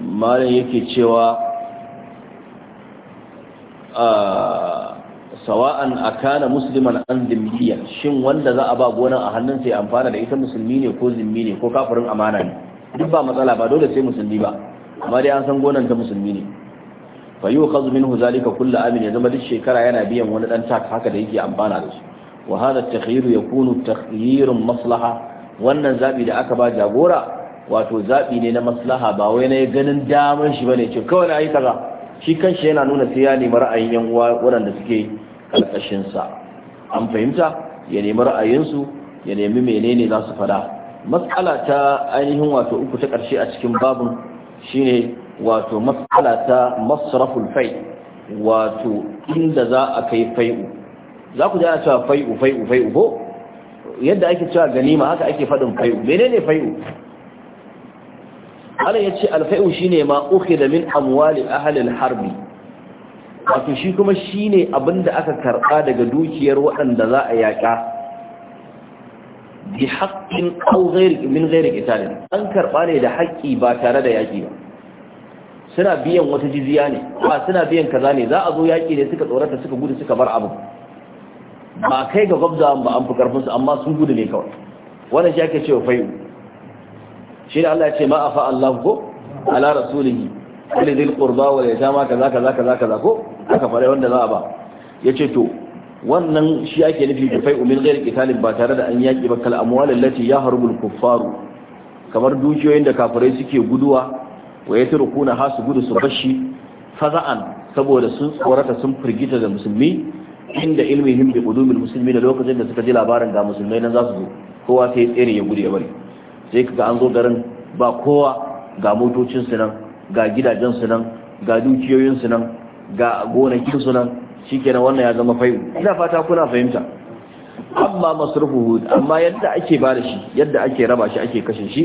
malam yake cewa ah, sawa'an akana musliman an zimmiyan shin wanda za a ba gonan a hannun sai amfana da ita musulmi ne ko zimmi ne ko kafirin amana ne duk ba matsala ba dole sai musulmi ba amma dai an san gonan ta musulmi ne fa yukhadhu minhu zalika kullu amin ya zama duk shekara yana biyan wani dan tak haka da yake amfana da shi wa hadha at-takhyir yakunu takhyirun maslaha wannan zabi da aka ba jagora wato zabi ne na maslaha ba wai na ganin daman shi bane ce kawai na yi kaza shi kanshi yana nuna sai ya nemi ra'ayin yan uwa waɗanda suke Alƙashinsa an fahimta ya nemi ra'ayinsu ya nemi menene za su fada matsala ta ainihin wato uku ta ƙarshe a cikin babin shine wato matsala ta masraful fai wato inda za a kai fai'u za ku jana cewa fai'u fai'u fai'u ko yadda ake cewa ganima haka ake faɗin fai'u menene fai'u Allah ya ce alfai'u shine ma ukhida min amwali ahli al-harbi wato shi kuma shi ne abinda aka karɓa daga dukiyar waɗanda za a yaƙa bi haƙƙin min zairin italin an karɓa ne da haƙƙi ba tare da yaƙi ba suna biyan wata jiziya ne ba suna biyan kaza ne za a zo yaƙi ne suka tsorata suka gudu suka bar abin ba kai ga gwabza ba an fi karfinsu amma sun gudu ne kawai wannan shi ake cewa fayu shi da Allah ya ce ma Allah ko ala rasulihi kulli dhil qurba wal yatama kaza kaza kaza kaza ko aka fara wanda za a ba ya ce to wannan shi ake nufi da fai'u min ghairi qitalin ba tare da an yaki ba kal amwal allati harbul kuffaru kamar dukiyoyin da kafirai suke guduwa wa yatrukuna hasu gudu su bashi faza'an saboda sun tsorata sun firgita da musulmi inda ilmihim bi musulmi da lokacin da suka ji labarin ga musulmai nan za su zo kowa sai tsere ya gudu ya bari sai kaga an zo garin ba kowa ga motocin su nan ga gidajen su nan ga dukiyoyin su nan ga gonakin sunan shi shikenan wannan ya zama fayu ina fata kuna fahimta amma masrufuhu amma yadda ake bada shi yadda ake raba shi ake kashe shi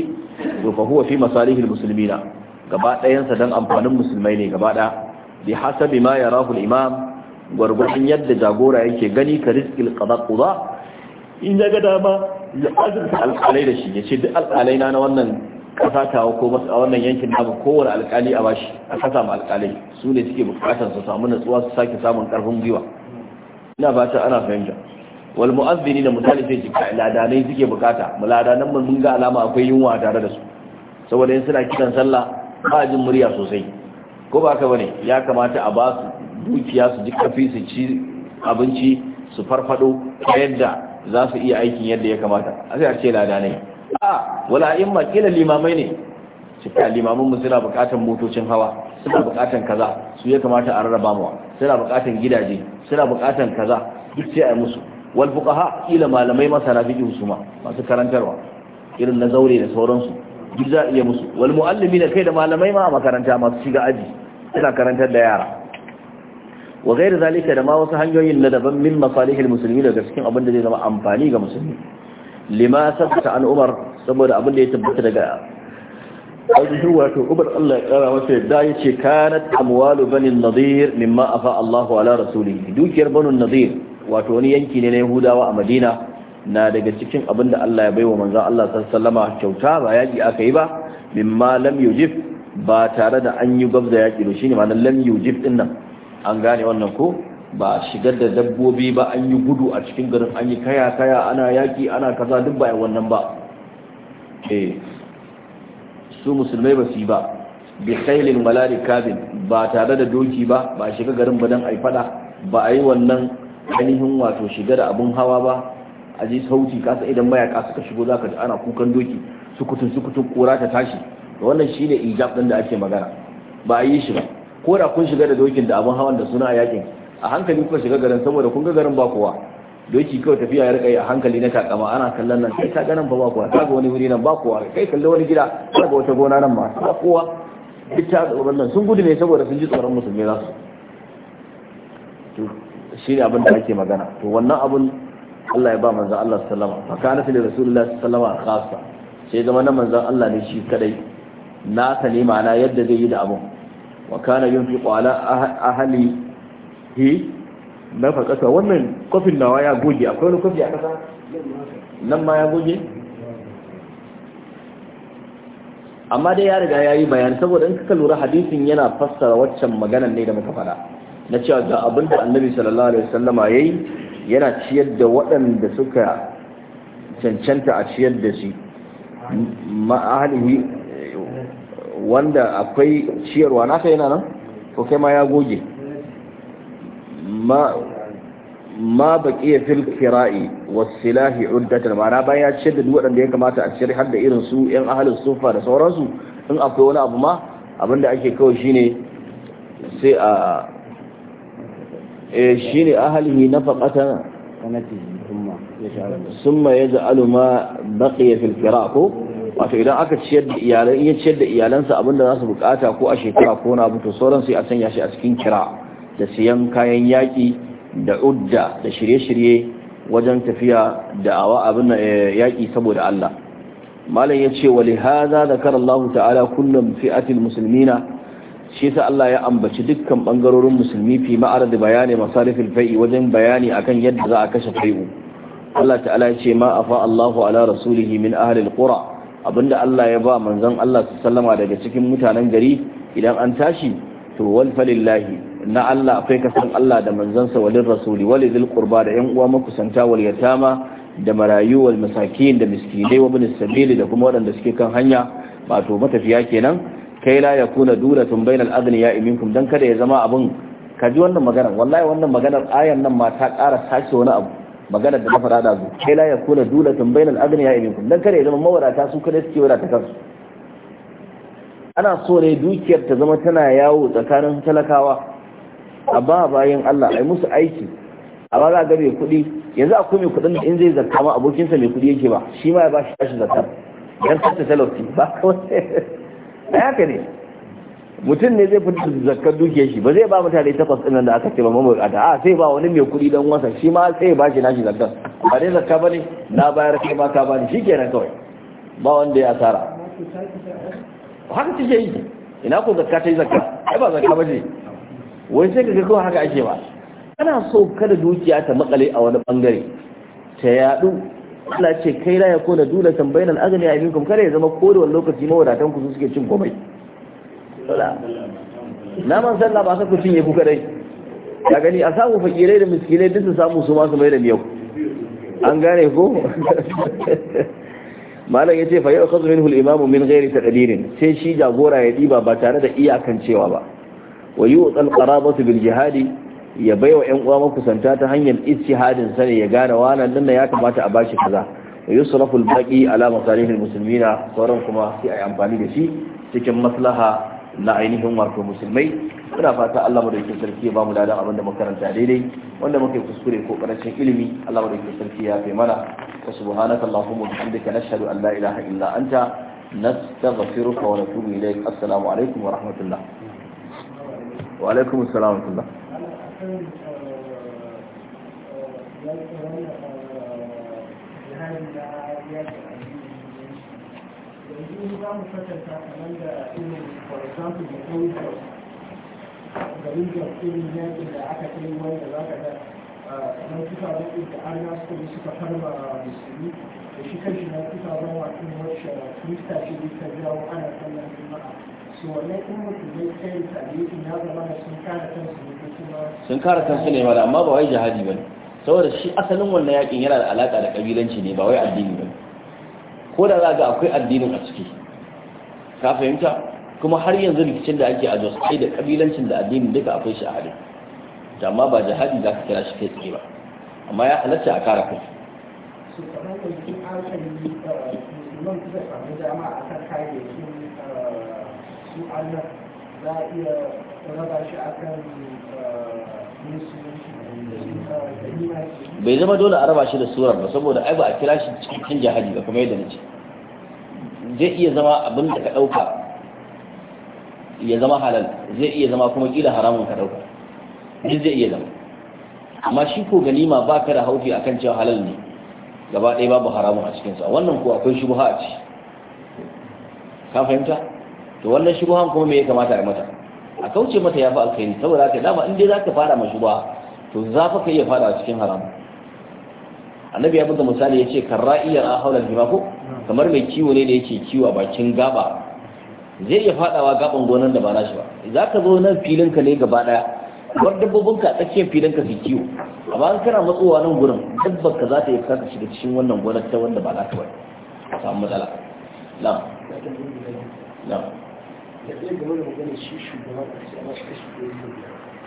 to fa huwa fi masalihil muslimina gaba ɗayan sa dan amfanin musulmai ne gaba ɗaya bi hasabi ma ya rahul imam gurgurun yadda jagora yake gani ka rizqil qada in ya ga dama ya azurta alƙalai da shi ya ce duk alƙalai na wannan ƙasa tawa ko masu a wannan yankin ba kowane alkali a bashi a kasa ma alƙalai su ne suke bukatar su samu natsuwa su sake samun ƙarfin gwiwa ina fata ana fahimta wal mu'azzini da misali sai jika ladanai suke buƙata muladanan mun ga alama akwai yunwa tare da su saboda yin suna kiran sallah ba jin murya sosai ko ba ka bane ya kamata a ba su dukiya su ji kafi su ci abinci su farfado ta yadda za su iya aikin yadda ya kamata a sai a ce ladanai a wala imma kila limamai ne cika limamin mu suna bukatan motocin hawa suna bukatan kaza su ya kamata a rarraba mu suna bukatan gidaje suna bukatan kaza duk sai a musu wal fuqaha kila malamai masana fiqh su ma masu karantarwa irin na zaure da sauransu duk za iya musu wal muallimina kai da malamai ma a makaranta masu shiga aji suna karantar da yara wa gairu zalika da ma wasu hanyoyin na daban min masalihil musulmi daga cikin abin da zai zama amfani ga musulmi Limasa sabta an umar saboda abin da ya tabbata daga ainihin wato umar Allah ya kara wasu yadda ya ce kanat amwalu banin nadir mimma afa Allahu ala rasuli? dukiyar banin nadir wato wani yanki ne na Yahudawa a Madina na daga cikin abin da Allah ya baiwa manzan Allah sallama kyauta ba yaki aka yi ba mimma lam Yujif ba tare da an yi gwabza yaki ba shine ma'anar lam Yujif din nan an gane wannan ko ba shigar da dabbobi ba an yi gudu a cikin garin an yi kaya kaya ana yaki ana kaza duk ba wannan ba eh su musulmai ba su yi ba bi khailin wala ba tare da doki ba ba shiga garin ba dan ai fada ba yi wannan ainihin wato shiga da abun hawa ba a ji sauti kasa idan mayaka suka shigo zaka ji ana kukan doki sukutun sukutun kura ta tashi wannan shine ijab din da ake magana ba a yi shi ba ko da kun shiga da dokin da abun hawan da suna a yakin a hankali kuma shiga garin saboda kun ga garin ba kowa doki kawai tafiya ya rika yi a hankali na takama ana kallon nan kai ta ganin ba ba kowa ta ga wani wuri nan ba kowa kai kalli wani gida ka ga wata gona nan ma ba kowa duk ta tsoron nan sun gudu ne saboda sun ji tsoron musulmi za su shi ne abin da ake magana to wannan abin Allah ya ba manzan Allah sallama fa kana fi rasulullah sallama khassa sai zama na manzan Allah ne shi kadai na ta ne ma'ana yadda zai yi da abin wa kana yunfiqu ala ahli he eh, na fakasa wannan kofin nawa ya goge akwai wani kofi a kasa nan ma ya goge amma dai ya riga ya yi bayan saboda in ka lura hadisin yana fassara waccan maganan ne da muka faɗa na cewa ga abin da annabi sallallahu alaihi wasallama yayi yana ciyar da waɗanda suka cancanta a ciyar da shi ma'alihi wanda akwai ciyarwa naka yana nan to kai ma ya goge ma baƙi fil kira'i wasilahi uddatan ma'ana bayan ya ciyar da duk waɗanda ya kamata a ciyar har da irin su yan ahalin sufa da sauransu in akwai wani abu ma abinda ake kawai shine sai a shine ahalihi na faƙata summa ya ja'alu ma baqiya fil kira ko wato idan aka ciyar da iyalan iya ciyar da iyalansa abinda za su bukata ko a shekara ko na abu to sauran sai a sanya shi a cikin kira da siyan kayan yaƙi da udda da shirye-shirye wajen tafiya da awa abin eh, yaƙi saboda Allah malam ya ce wa lihaza zakar Allah ta'ala kullum fi'atil musulmina shi sa Allah ya ambaci dukkan bangarorin musulmi fi ma'arad bayani masalifil fai'i wajen bayani akan yadda za a kashe fai'u Allah ta'ala ya ce ma afa Allahu ala rasulihi min ahli alqura abinda Allah ya ba manzon Allah sallama daga cikin mutanen gari idan an tashi to wal falillahi na Allah akwai kasan Allah da manzansa walin rasuli wali zil qurba da yan uwa makusanta wal yatama da marayu wal masakin da miskinai wa bin sabili da kuma waɗanda suke kan hanya wato matafiya kenan kai la yakuna dulatun bainal aghniya minkum dan kada ya zama abun "Ka ji wannan maganar wallahi wannan maganar ayan nan ma ta ƙara sace wani abu maganar da na faɗa da zu kai la yakuna dulatun bainal aghniya minkum dan kada ya zama mawadata su kada suke wadata kansu ana so ne dukiyar ta zama tana yawo tsakanin talakawa a ba bayan Allah ai musu aiki a ba za ga mai kuɗi yanzu akwai mai kuɗin da in zai zarta ma abokinsa mai kuɗi yake ba shi ma ya ba shi tashi zarta yan tattata talauci ba kawai haka ne mutum ne zai fita zakkar dukiyar shi ba zai ba mutane takwas ɗin da aka ce ba mamu a a sai ba wani mai kuɗi dan wasa shi ma sai ba shi nashi zakkar ba dai ba ne? na bayar kai ma ka bani shikenan kawai ba wanda ya asara haka take yi ina ko zakka ta yi zakka ai ba zakka ba ce wai sai ka ga kawai haka ake ba ana so kada dukiya ta makale a wani bangare ta yadu Allah ce kai la yakuna dula tambayan al-aghni abinkum kada ya zama ko da wani lokaci mawadatan ku suke cin komai naman sallah ba sa ku cinye ku kadai ka gani a samu fakirai da miskirai duk su samu su masu mai da miyau an gane ko malam yace fa yau kazu minhu al-imamu min ghairi taqdirin sai shi jagora ya diba ba tare da iyakancewa ba wa yi wa qarabatu bil jihadi ya baiwa yan uwa makusanta ta hanyar ijtihadin sa sani ya gane wannan nan ya kamata a bashi kaza wa yusrafu al baqi ala masalihil muslimina sauran kuma sai yi amfani da shi cikin maslaha na ainihin wato musulmai muna fata Allah madaukakin sarki ya bamu ladan abin da karanta daidai wanda muke kuskure ko karancin ilimi Allah madaukakin sarki ya fi mana wa subhanaka allahumma bihamdika nashhadu an la ilaha illa anta nastaghfiruka wa natubu ilaik assalamu alaikum wa wa alaikum assalam wa rahmatullah yanzu za mu kwatanta kamar da irin for example da kawai garin da irin yakin da aka kai wanda za ka ga na kusa da da an na suka suka farma musulmi da shi kan shi na kusa ba wa kuma wacce kirista ce da ta jawo ana kallon jima'a sun kare kansu ne ba amma ba wai jihadi ba ne saboda shi asalin wannan yakin yana da alaƙa da ƙabilanci ne ba wai addini ba ko da za ga akwai addinin a ciki ka fahimta kuma har yanzu rikicin da ake a jos kai da ƙabilancin da addini duka akwai shi a hari amma ba jihadi za ka kira shi kai tsaye ba amma ya halatta a kare kai su kamar da su an kan yi eh, musulman suka samu dama a kan kare su Allah za a iya raba shi eh, bai zama dole a raba shi da surar ba saboda ai ba a kira shi cikin jihadi ba kuma yadda nace zai iya zama abin da ka dauka ya zama halal zai iya zama kuma kila haramun ka dauka duk zai iya zama amma shi ko ganima ba ka da haufi akan cewa halal ne gaba ɗaya babu haramun a cikinsa wannan ko akwai shubha a ci ka fahimta to wannan shubuhan kuma me ya kamata a mata a kauce mata ya fi alkhairi saboda haka dama in dai za ka fara ma to za fa ka iya fara cikin haram annabi ya buga misali ya ce karra'iyar a haular jima ko kamar mai kiwo ne da yake kiwo a bakin gaba zai iya fadawa gaban gonan da ba na shi ba za ka zo nan filinka ne gaba daya bar dabbobinka a tsakiyar filinka su kiwo amma an kana matsowa nan gurin dabbar ka za ta yi kasa shiga cikin wannan gonar ta wanda ba za ba samu matsala shi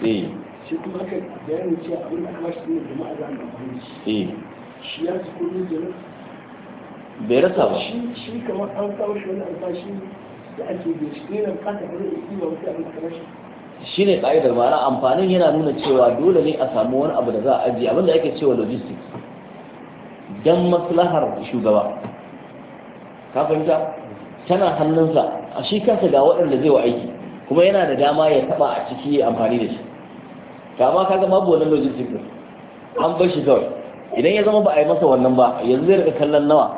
eh. kuma haka bayanin cewa abin da aka shi ne jama'a za a amfani shi eh. shi ya ci kudi jama'a bai rasa ba shi kamar an kawo shi wani albashi da ake da shi ne nan kasa ba zai yi ba wata abin da aka shi shi ne ƙa'idar ma'ana amfanin yana nuna cewa dole ne a samu wani abu da za a ajiye da ake cewa logistics don maslahar shugaba ka fahimta tana hannunsa a shi kansa ga waɗanda zai wa aiki kuma yana da dama ya taɓa a ciki ya amfani da shi kama ka zama abu wannan logistic din an bar shi kawai idan ya zama ba a yi masa wannan ba yanzu zai rika kallon nawa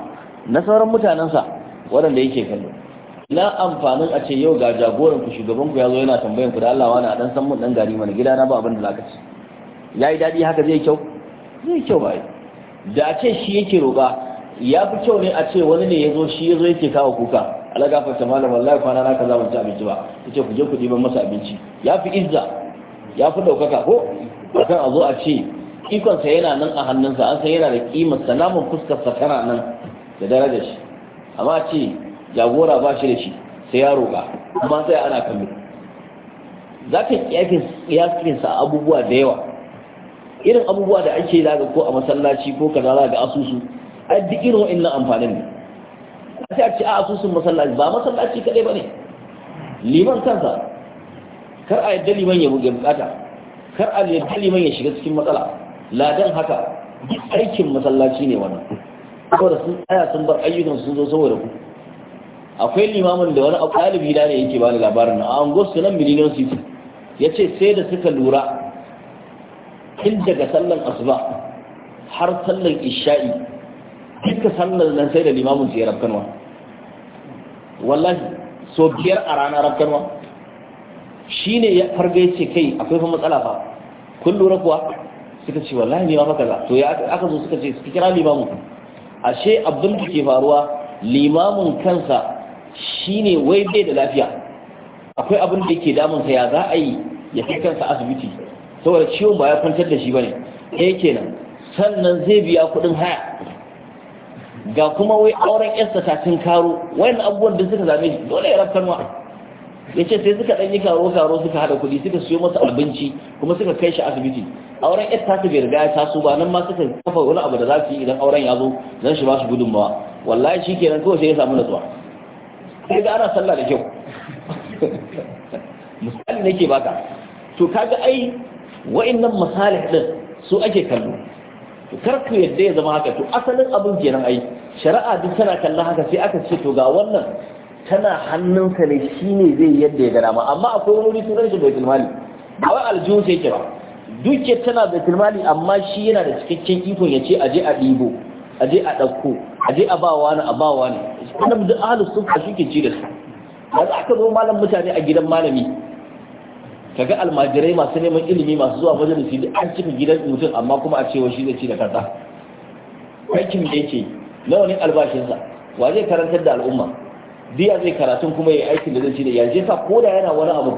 na sauran mutanensa waɗanda yake kallo ina amfanin a ce yau ga jagoran ku shugaban ku ya zo yana tambayan ku da Allah wani a dan san mun dan gari mana gida na ba abin da zaka ci yayi dadi haka zai kyau zai kyau bai da a ce shi yake roƙa ya fi kyau ne a ce wani ne ya zo shi ya zo yake kawo kuka ala gafarta malam wallahi kwana na kaza mu ci abinci ba yace ku je ku diban masa abinci ya fi izza ya fi daukaka ko kan a a ce ikonsa yana nan a hannunsa an san yana da kimar salamun fuskar sa tana nan da darajar shi amma a ce jagora ba shi da shi sai ya roƙa amma sai ana kallo za ka kiyakin sa abubuwa da yawa irin abubuwa da ake zaga ko a masallaci ko kaza zaga asusu a duk irin wa'annan amfanin ne sai a ce a asusun masallaci ba masallaci kadai ba ne liman kansa kar a yadda liman ya buge bukata kar a yadda liman ya shiga cikin matsala ladan haka aikin masallaci ne wannan saboda sun tsaya sun bar ayyukan sun zo saboda ku akwai limamin da wani ɗalibi da ne yake bani labarin a angon nan miliyan city ya ce sai da suka lura tun daga sallan asuba har sallan isha'i duka sannan nan sai da limamin su ya wa? wallahi so biyar a rana wa? shi ne ya farga ya ce kai akwai fa matsala fa kun lura kuwa suka ce wallahi ne ma za to ya aka zo suka ce suka kira limamin ashe abin da ke faruwa limamin kansa shine wai bai da lafiya akwai abin da ke sa ya za a yi ya kai kansa asibiti saboda ciwon ba ya kwantar da shi bane ɗaya kenan sannan zai biya kuɗin haya ga kuma wai auren yarsa ta cin karo wayan abubuwan da suka zame shi dole ya wa ya ce sai suka ɗanyi karo karo suka haɗa kuɗi suka siyo masa abinci kuma suka kai shi asibiti auren yarsa ta bai riga ya taso ba nan ma suka kafa wani abu da za su yi idan auren ya zo zan shi ba su gudunmawa wallahi shi kenan kawai sai ya samu natsuwa sai ga ana sallah da kyau misali nake baka to kaga ai wa'annan masalih din su ake kallo Karku yadda ya zama haka to asalin abin kenan ai shari'a duk tana kallon haka sai aka ce to ga wannan tana hannunsa ne shine zai yadda ya gana ma amma akwai wani sunan shi baitul mali ba wai aljihun sai ke ba tana baitul mali amma shi yana da cikakken ikon ya ce aje a ɗibo aje a ɗauko je a ba ni. a ba ni wannan duk ahlus sun shi ci da su yanzu aka zo malam mutane a gidan malami kaga almajirai masu neman ilimi masu zuwa majalisi da an cika gidan mutum amma kuma a cewa shi zai ci da kansa aikin da yake nawa ne albashinsa wa zai karantar da al'umma diya zai karatun kuma ya aikin da zai ci da ya je sa ko da yana wani abu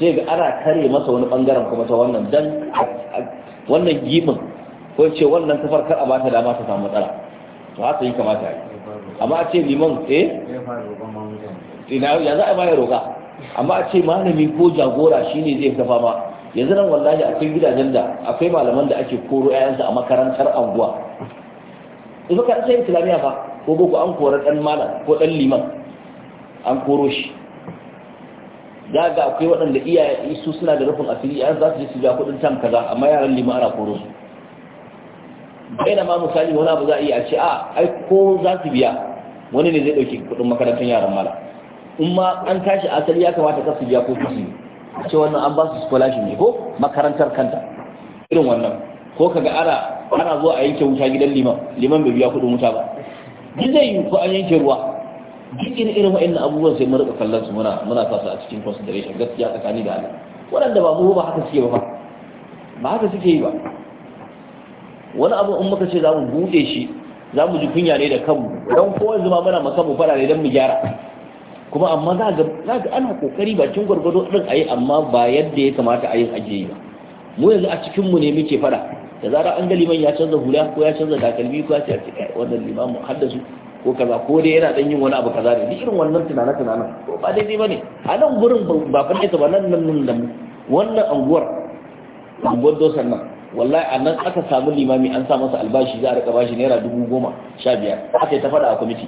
sai ga ana kare masa wani bangaren kuma ta wannan dan wannan gibin ko ce wannan safar kar a bata dama ta samu matsala to haka yi kamata amma a ce liman eh ya za a ma ya roƙa amma a ce malami ko jagora shine zai kafa ba yanzu nan wallahi akwai gidajen da akwai malaman da ake koro 'ya'yansu a makarantar anguwa in ka sai islamiya fa ko boko an kora dan malam ko dan liman an koro shi za ga akwai waɗanda iyaye su suna da rufin asiri yaran za su je su ja kudin tam kaza amma yaran liman ana koro su bayan ma misali wani abu za a iya a ce a ai ko za su biya wani ne zai ɗauki kudin makarantar yaran malam kuma an tashi asali ya kamata kasu biya ko a ce wannan an ba su scholarship ne ko makarantar kanta irin wannan ko kaga ana ana zuwa a yanke wuta gidan liman liman bai biya kuɗin wuta ba Ji zai yi ko an yanke ruwa duk irin irin wa'annan abubuwan sai mun rika kallon su muna muna fasa a cikin consideration gaskiya tsakani da Allah waɗanda ba mu ba haka suke ba ba haka suke yi ba wani abu in muka ce za mu buɗe shi za mu ji kunya ne da kanmu don kowa zuma muna mu fara ne don mu gyara kuma amma za ga ana kokari bakin gwargwado din ayi amma ba yadda ya kamata a yin ajiye ba mu yanzu a cikin mu ne muke fada da zarar an ga liman ya canza hula ko ya canza takalmi ko ya ce kai wannan limamu haddasu ko kaza ko dai yana dan yin wani abu kaza ne irin wannan tunanin tunanin ko ba daidai bane a nan gurin ba fa ba nan nan nan wannan anguwar anguwar dosan nan wallahi a nan aka samu limami an sa masa albashi za a rika bashi naira dubu goma sha biyar aka yi ta faɗa a kwamiti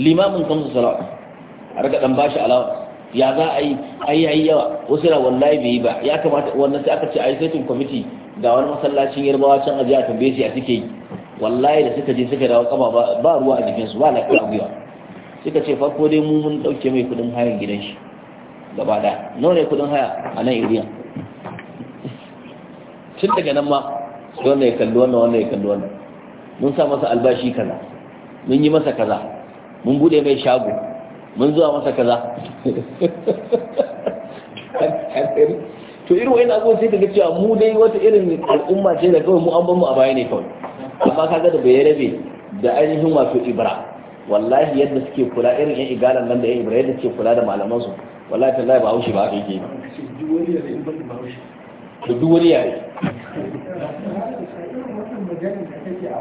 limamin kamsu salawa a rika dan bashi alawa ya za a yi ayyayi yawa wasu na wallahi bai yi ba ya kamata wannan sai aka ce ai setting committee ga wani masallacin yarbawa can aje a tambaye shi a suke yi wallahi da suka je suka dawo kama ba ruwa a jikinsu ba lafiya a gwiwa suka ce farko dai mu mun dauke mai kudin hayan gidan shi gaba da nawa ne kudin haya a nan iriya tun daga nan ma wannan ya kalli wannan wannan ya kalli wannan mun sa masa albashi kaza mun yi masa kaza mun bude mai shago mun zuwa masa kaza to irin wani abuwa sai daga cewa mu dai wata irin al'umma ce da kawai mu an banmu a baya ne kawai amma kaga da bai rabe da ainihin wato ibra wallahi yadda suke kula irin yan igalan nan da yan ibra yadda suke kula da malaman su wallahi ta ba haushi ba kai ke da duk wani yare da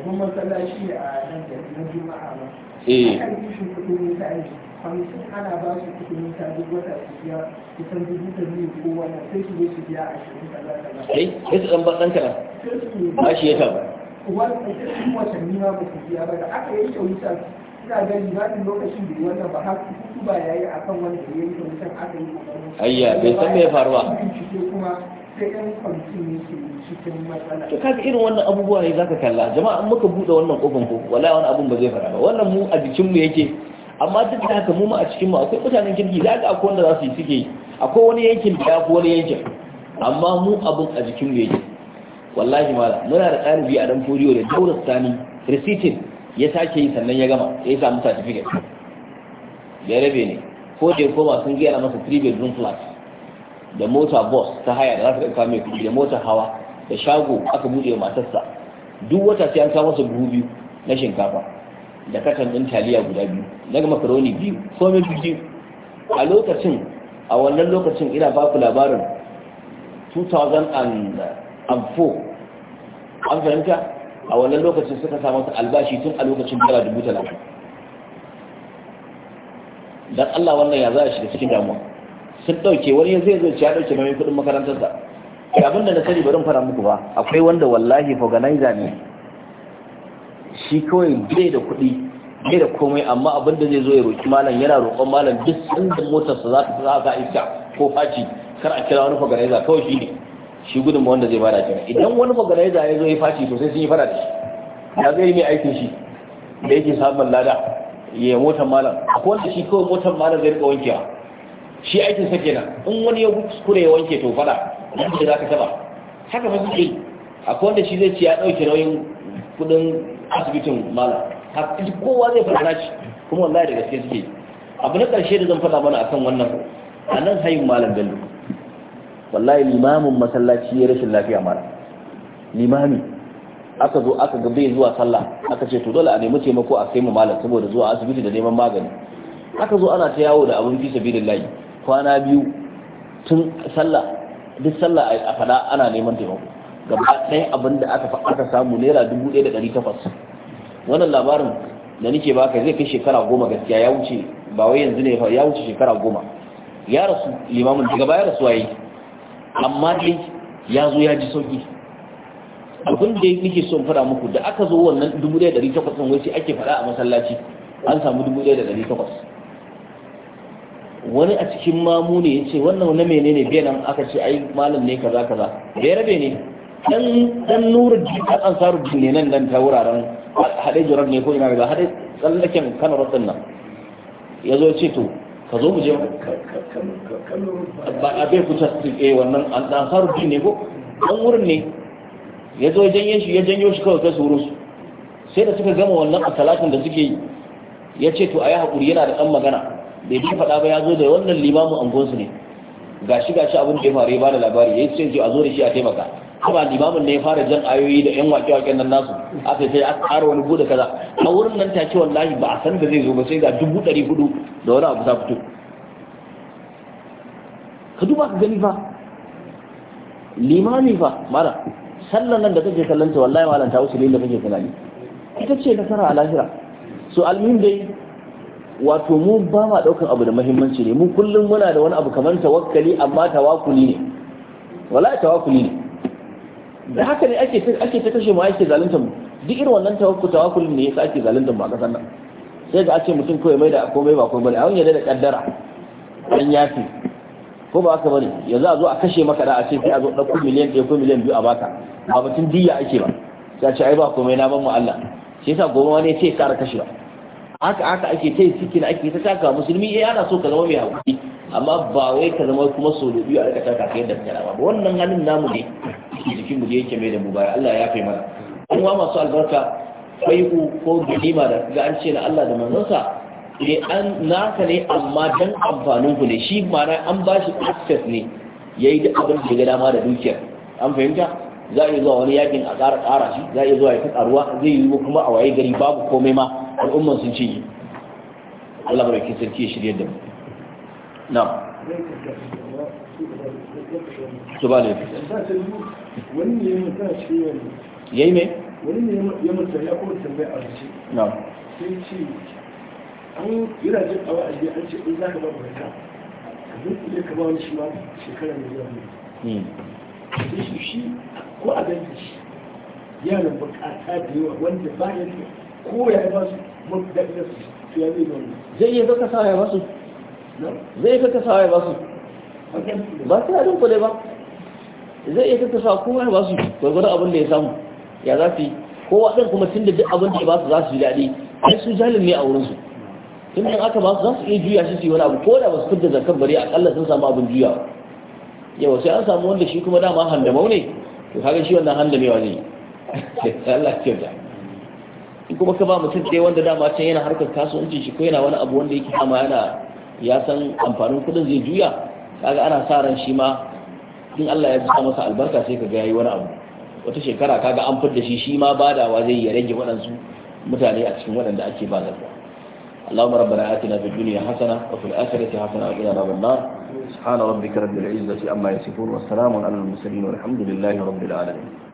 babban masallaci ne a nan da na juma'a ba eh kan kishin kudin wuta ne kwamitin ana ba su kudin wuta duk wata su biya kusan dubu da biyu ko wata sai su zo su biya ashirin kaza kaza eh sai su dan ba dan kana ba shi ya taba wani sai watanni ma ba su biya ba da aka yi yanke wuta ina gani zafin lokacin da wannan ba har kuku ba yayi akan wani da yayi wutan aka yi ayya bai san me faru ba. to ga irin wannan abubuwa ne zaka kalla jama'a an muka bude wannan kofin ko wallahi wani abun ba zai fara ba wannan mu a jikin mu yake amma duk da haka mu ma a cikin mu akwai mutanen kirki zaka akwai wanda za su yi suke yi akwai wani yankin da ko wani yankin amma mu abun a jikin mu yake wallahi mala muna da ɗalibi a dan fodiyo da daura sani receipting ya sake yi sannan ya gama ya samu certificate ya rabe ne ko da koma sun gaya masa 3 bedroom flat da mota bus ta haya da za ta ɗauka mai kuɗi da mota hawa da shago aka buɗe matarsa duk wata sai an kawo masa buhu biyu na shinkafa da katan ɗin taliya guda biyu na makaroni biyu komai biyu a lokacin a wannan lokacin ina ba ku labarin 2004 an fahimta a wannan lokacin suka samu albashi tun a lokacin dala dubu talatin don Allah wannan ya za a shiga cikin damuwa sun ɗauke wani zai zo ya ɗauke mai kuɗin makarantarsa kai eh, abin da na sani bari fara muku ba akwai wanda wallahi organizer ne shi kawai bai da kuɗi bai da komai amma abin da zai zo ya roki malam yana roƙon malam duk sanda motarsa za ta za ta aika ko faci kar a kira wani organizer kawai shi ne shi gudun wanda zai bada kira idan wani organizer ya zo ya faci to sai sun yi fara da shi ya zai yi mai aikin shi da yake samun lada ya motar malam akwai wanda shi kawai motar malam zai rika wankewa shi aikin sa kenan in wani ya kuskure ya wanke to fada wanda za ka taba haka fa suke A wanda shi zai ci ya dauke nauyin kudin asibitin mala haka kowa zai fada shi kuma wallahi da gaske suke abu na karshe da zan fada mana akan wannan a nan hayin malam bello wallahi limamin masallaci ya rashin lafiya mala limami aka zo aka ga bai zuwa sallah aka ce to dole a nemi taimako a kai mu malam saboda zuwa asibiti da neman magani aka zo ana ta yawo da abun fi sabilillahi kwana biyu tun sallah duk sallah a fada ana neman taimako gaba ɗaya abin da aka aka samu naira dubu ɗaya da ɗari takwas wannan labarin da nake baka zai kai shekara goma gaskiya ya wuce ba wai yanzu ne ya wuce shekara goma ya rasu limamin daga baya rasu waye amma dai ya zo ya ji sauki abin da nake son faɗa muku da aka zo wannan dubu ɗaya da ɗari takwas ɗin wai sai ake faɗa a masallaci an samu dubu ɗaya da ɗari takwas wani a cikin mamu ne ya ce wannan na ne benin aka ce ai malam ne kaza kaza bai rabe ne dan dan nura jikin saru ne nan nan ta wuraren haɗe jirar ne ko ina ga haɗe tsallaken kan rotsin nan ya zo ce to ka zo mu je ba a bai kuta su ke eh, wannan ansaru saru ne ko dan wurin ne ya zo janyen shi ya janyo shi kawai kai su wurin su sai da suka gama wannan a talatin da suke yi ya ce to a yi haƙuri yana da ɗan magana bai bi faɗa ba ya zo da wannan limamin angonsu ne gashi gashi abin da ya faru ya bada labari ya ce a zo da shi a taimaka kuma limamin ne ya fara jan ayoyi da yan wake waken nan nasu aka sai aka ƙara wani bude kaza a wurin nan take wallahi ba a san da zai zo ba sai ga dubu ɗari hudu da wani abu ta fito ka duba ka gani fa limami fa mara sallan nan da kake kallanta wallahi malam wasu wuce ne da kake tunani ita ce nasara a lahira so almin dai wato mu ba ma daukan abu da muhimmanci ne mu kullum muna da wani abu kamar tawakkali amma tawakkuli ne wala tawakkuli ne da haka ne ake ake ta kashe mu ake zalunta mu duk irin wannan tawakkuli tawakkulin ne yasa ake zalunta mu a kasar nan sai ga ake mutum kawai mai da komai ba komai bane a wani da kaddara an yafi ko ba haka bane yanzu a zo a kashe maka da a ce sai a zo ɗauko miliyan ɗaya ko miliyan biyu a baka ba mutum diyya ake ba ya ce ai ba komai na ban mu Allah shi yasa goma wani ya ce kara kashewa haka haka ake ta yi cikin ake ta taka musulmi eh ana so ka zama mai hakuri amma ba wai ka zama kuma so da biyu a ka taka kai da kana ba wannan halin namu ne jikin mu yake mai da mu ba Allah ya fai mana an wa masu albarka ku ko ganima da ga an ce na Allah da manzonsa ne eh, an naka ne amma dan amfanin ku ne shi ma an bashi access ne yayi da abin da ga dama da dukiya an fahimta za a zuwa wani yakin a ƙara ƙara shi za a zuwa ya fi ƙaruwa zai yi kuma a waye gari babu komai ma al'umman sun cinye Allah barake sarki ya shirye da mu na su ba ne yayi mai. wani ne ya mutu ya kuma tambaye a rishi na sai ce an yana jin awa a an ce in za ka ba barka ka zai iya kam'a wani hmm. shi ma shekara mai zuwa ne shi ko a ganta shi yaran bukata da yawa wanda ba ya da ko ya ba su mutadda su su ya zai zaune zai yi zaka sawa ya ba su zai yi zaka sawa ya ba su ba su yadin kule ba zai yi zaka sawa kuma ya ba su gwagwada abin da ya samu ya za su yi ko waɗin kuma tun da duk abin da ya ba su za su yi daɗi ai su jalin ne a wurin su tun da aka ba su za su iya juya shi su yi wani abu ko da ba su fidda zakar bari akalla sun samu abin juyawa yawa sai an samu wanda shi kuma dama handamau ne to kaga shi wannan mewa zai yi Allah ya yarda in kuma ka ba mutum dai wanda dama can yana harkar kasuwanci shi ko yana wani abu wanda yake dama yana ya san amfanin kuɗin zai juya kaga ana sa ran shi ma in Allah ya sa masa albarka sai ka ga yayi wani abu wata shekara kaga an fitar da shi shi ma badawa zai ya rage waɗansu mutane a cikin waɗanda ake ba zakka اللهم ربنا آتنا في الدنيا حسنة وفي الآخرة حسنة وقنا عذاب النار سبحان ربك رب العزة أما يصفون والسلام على المرسلين والحمد لله رب العالمين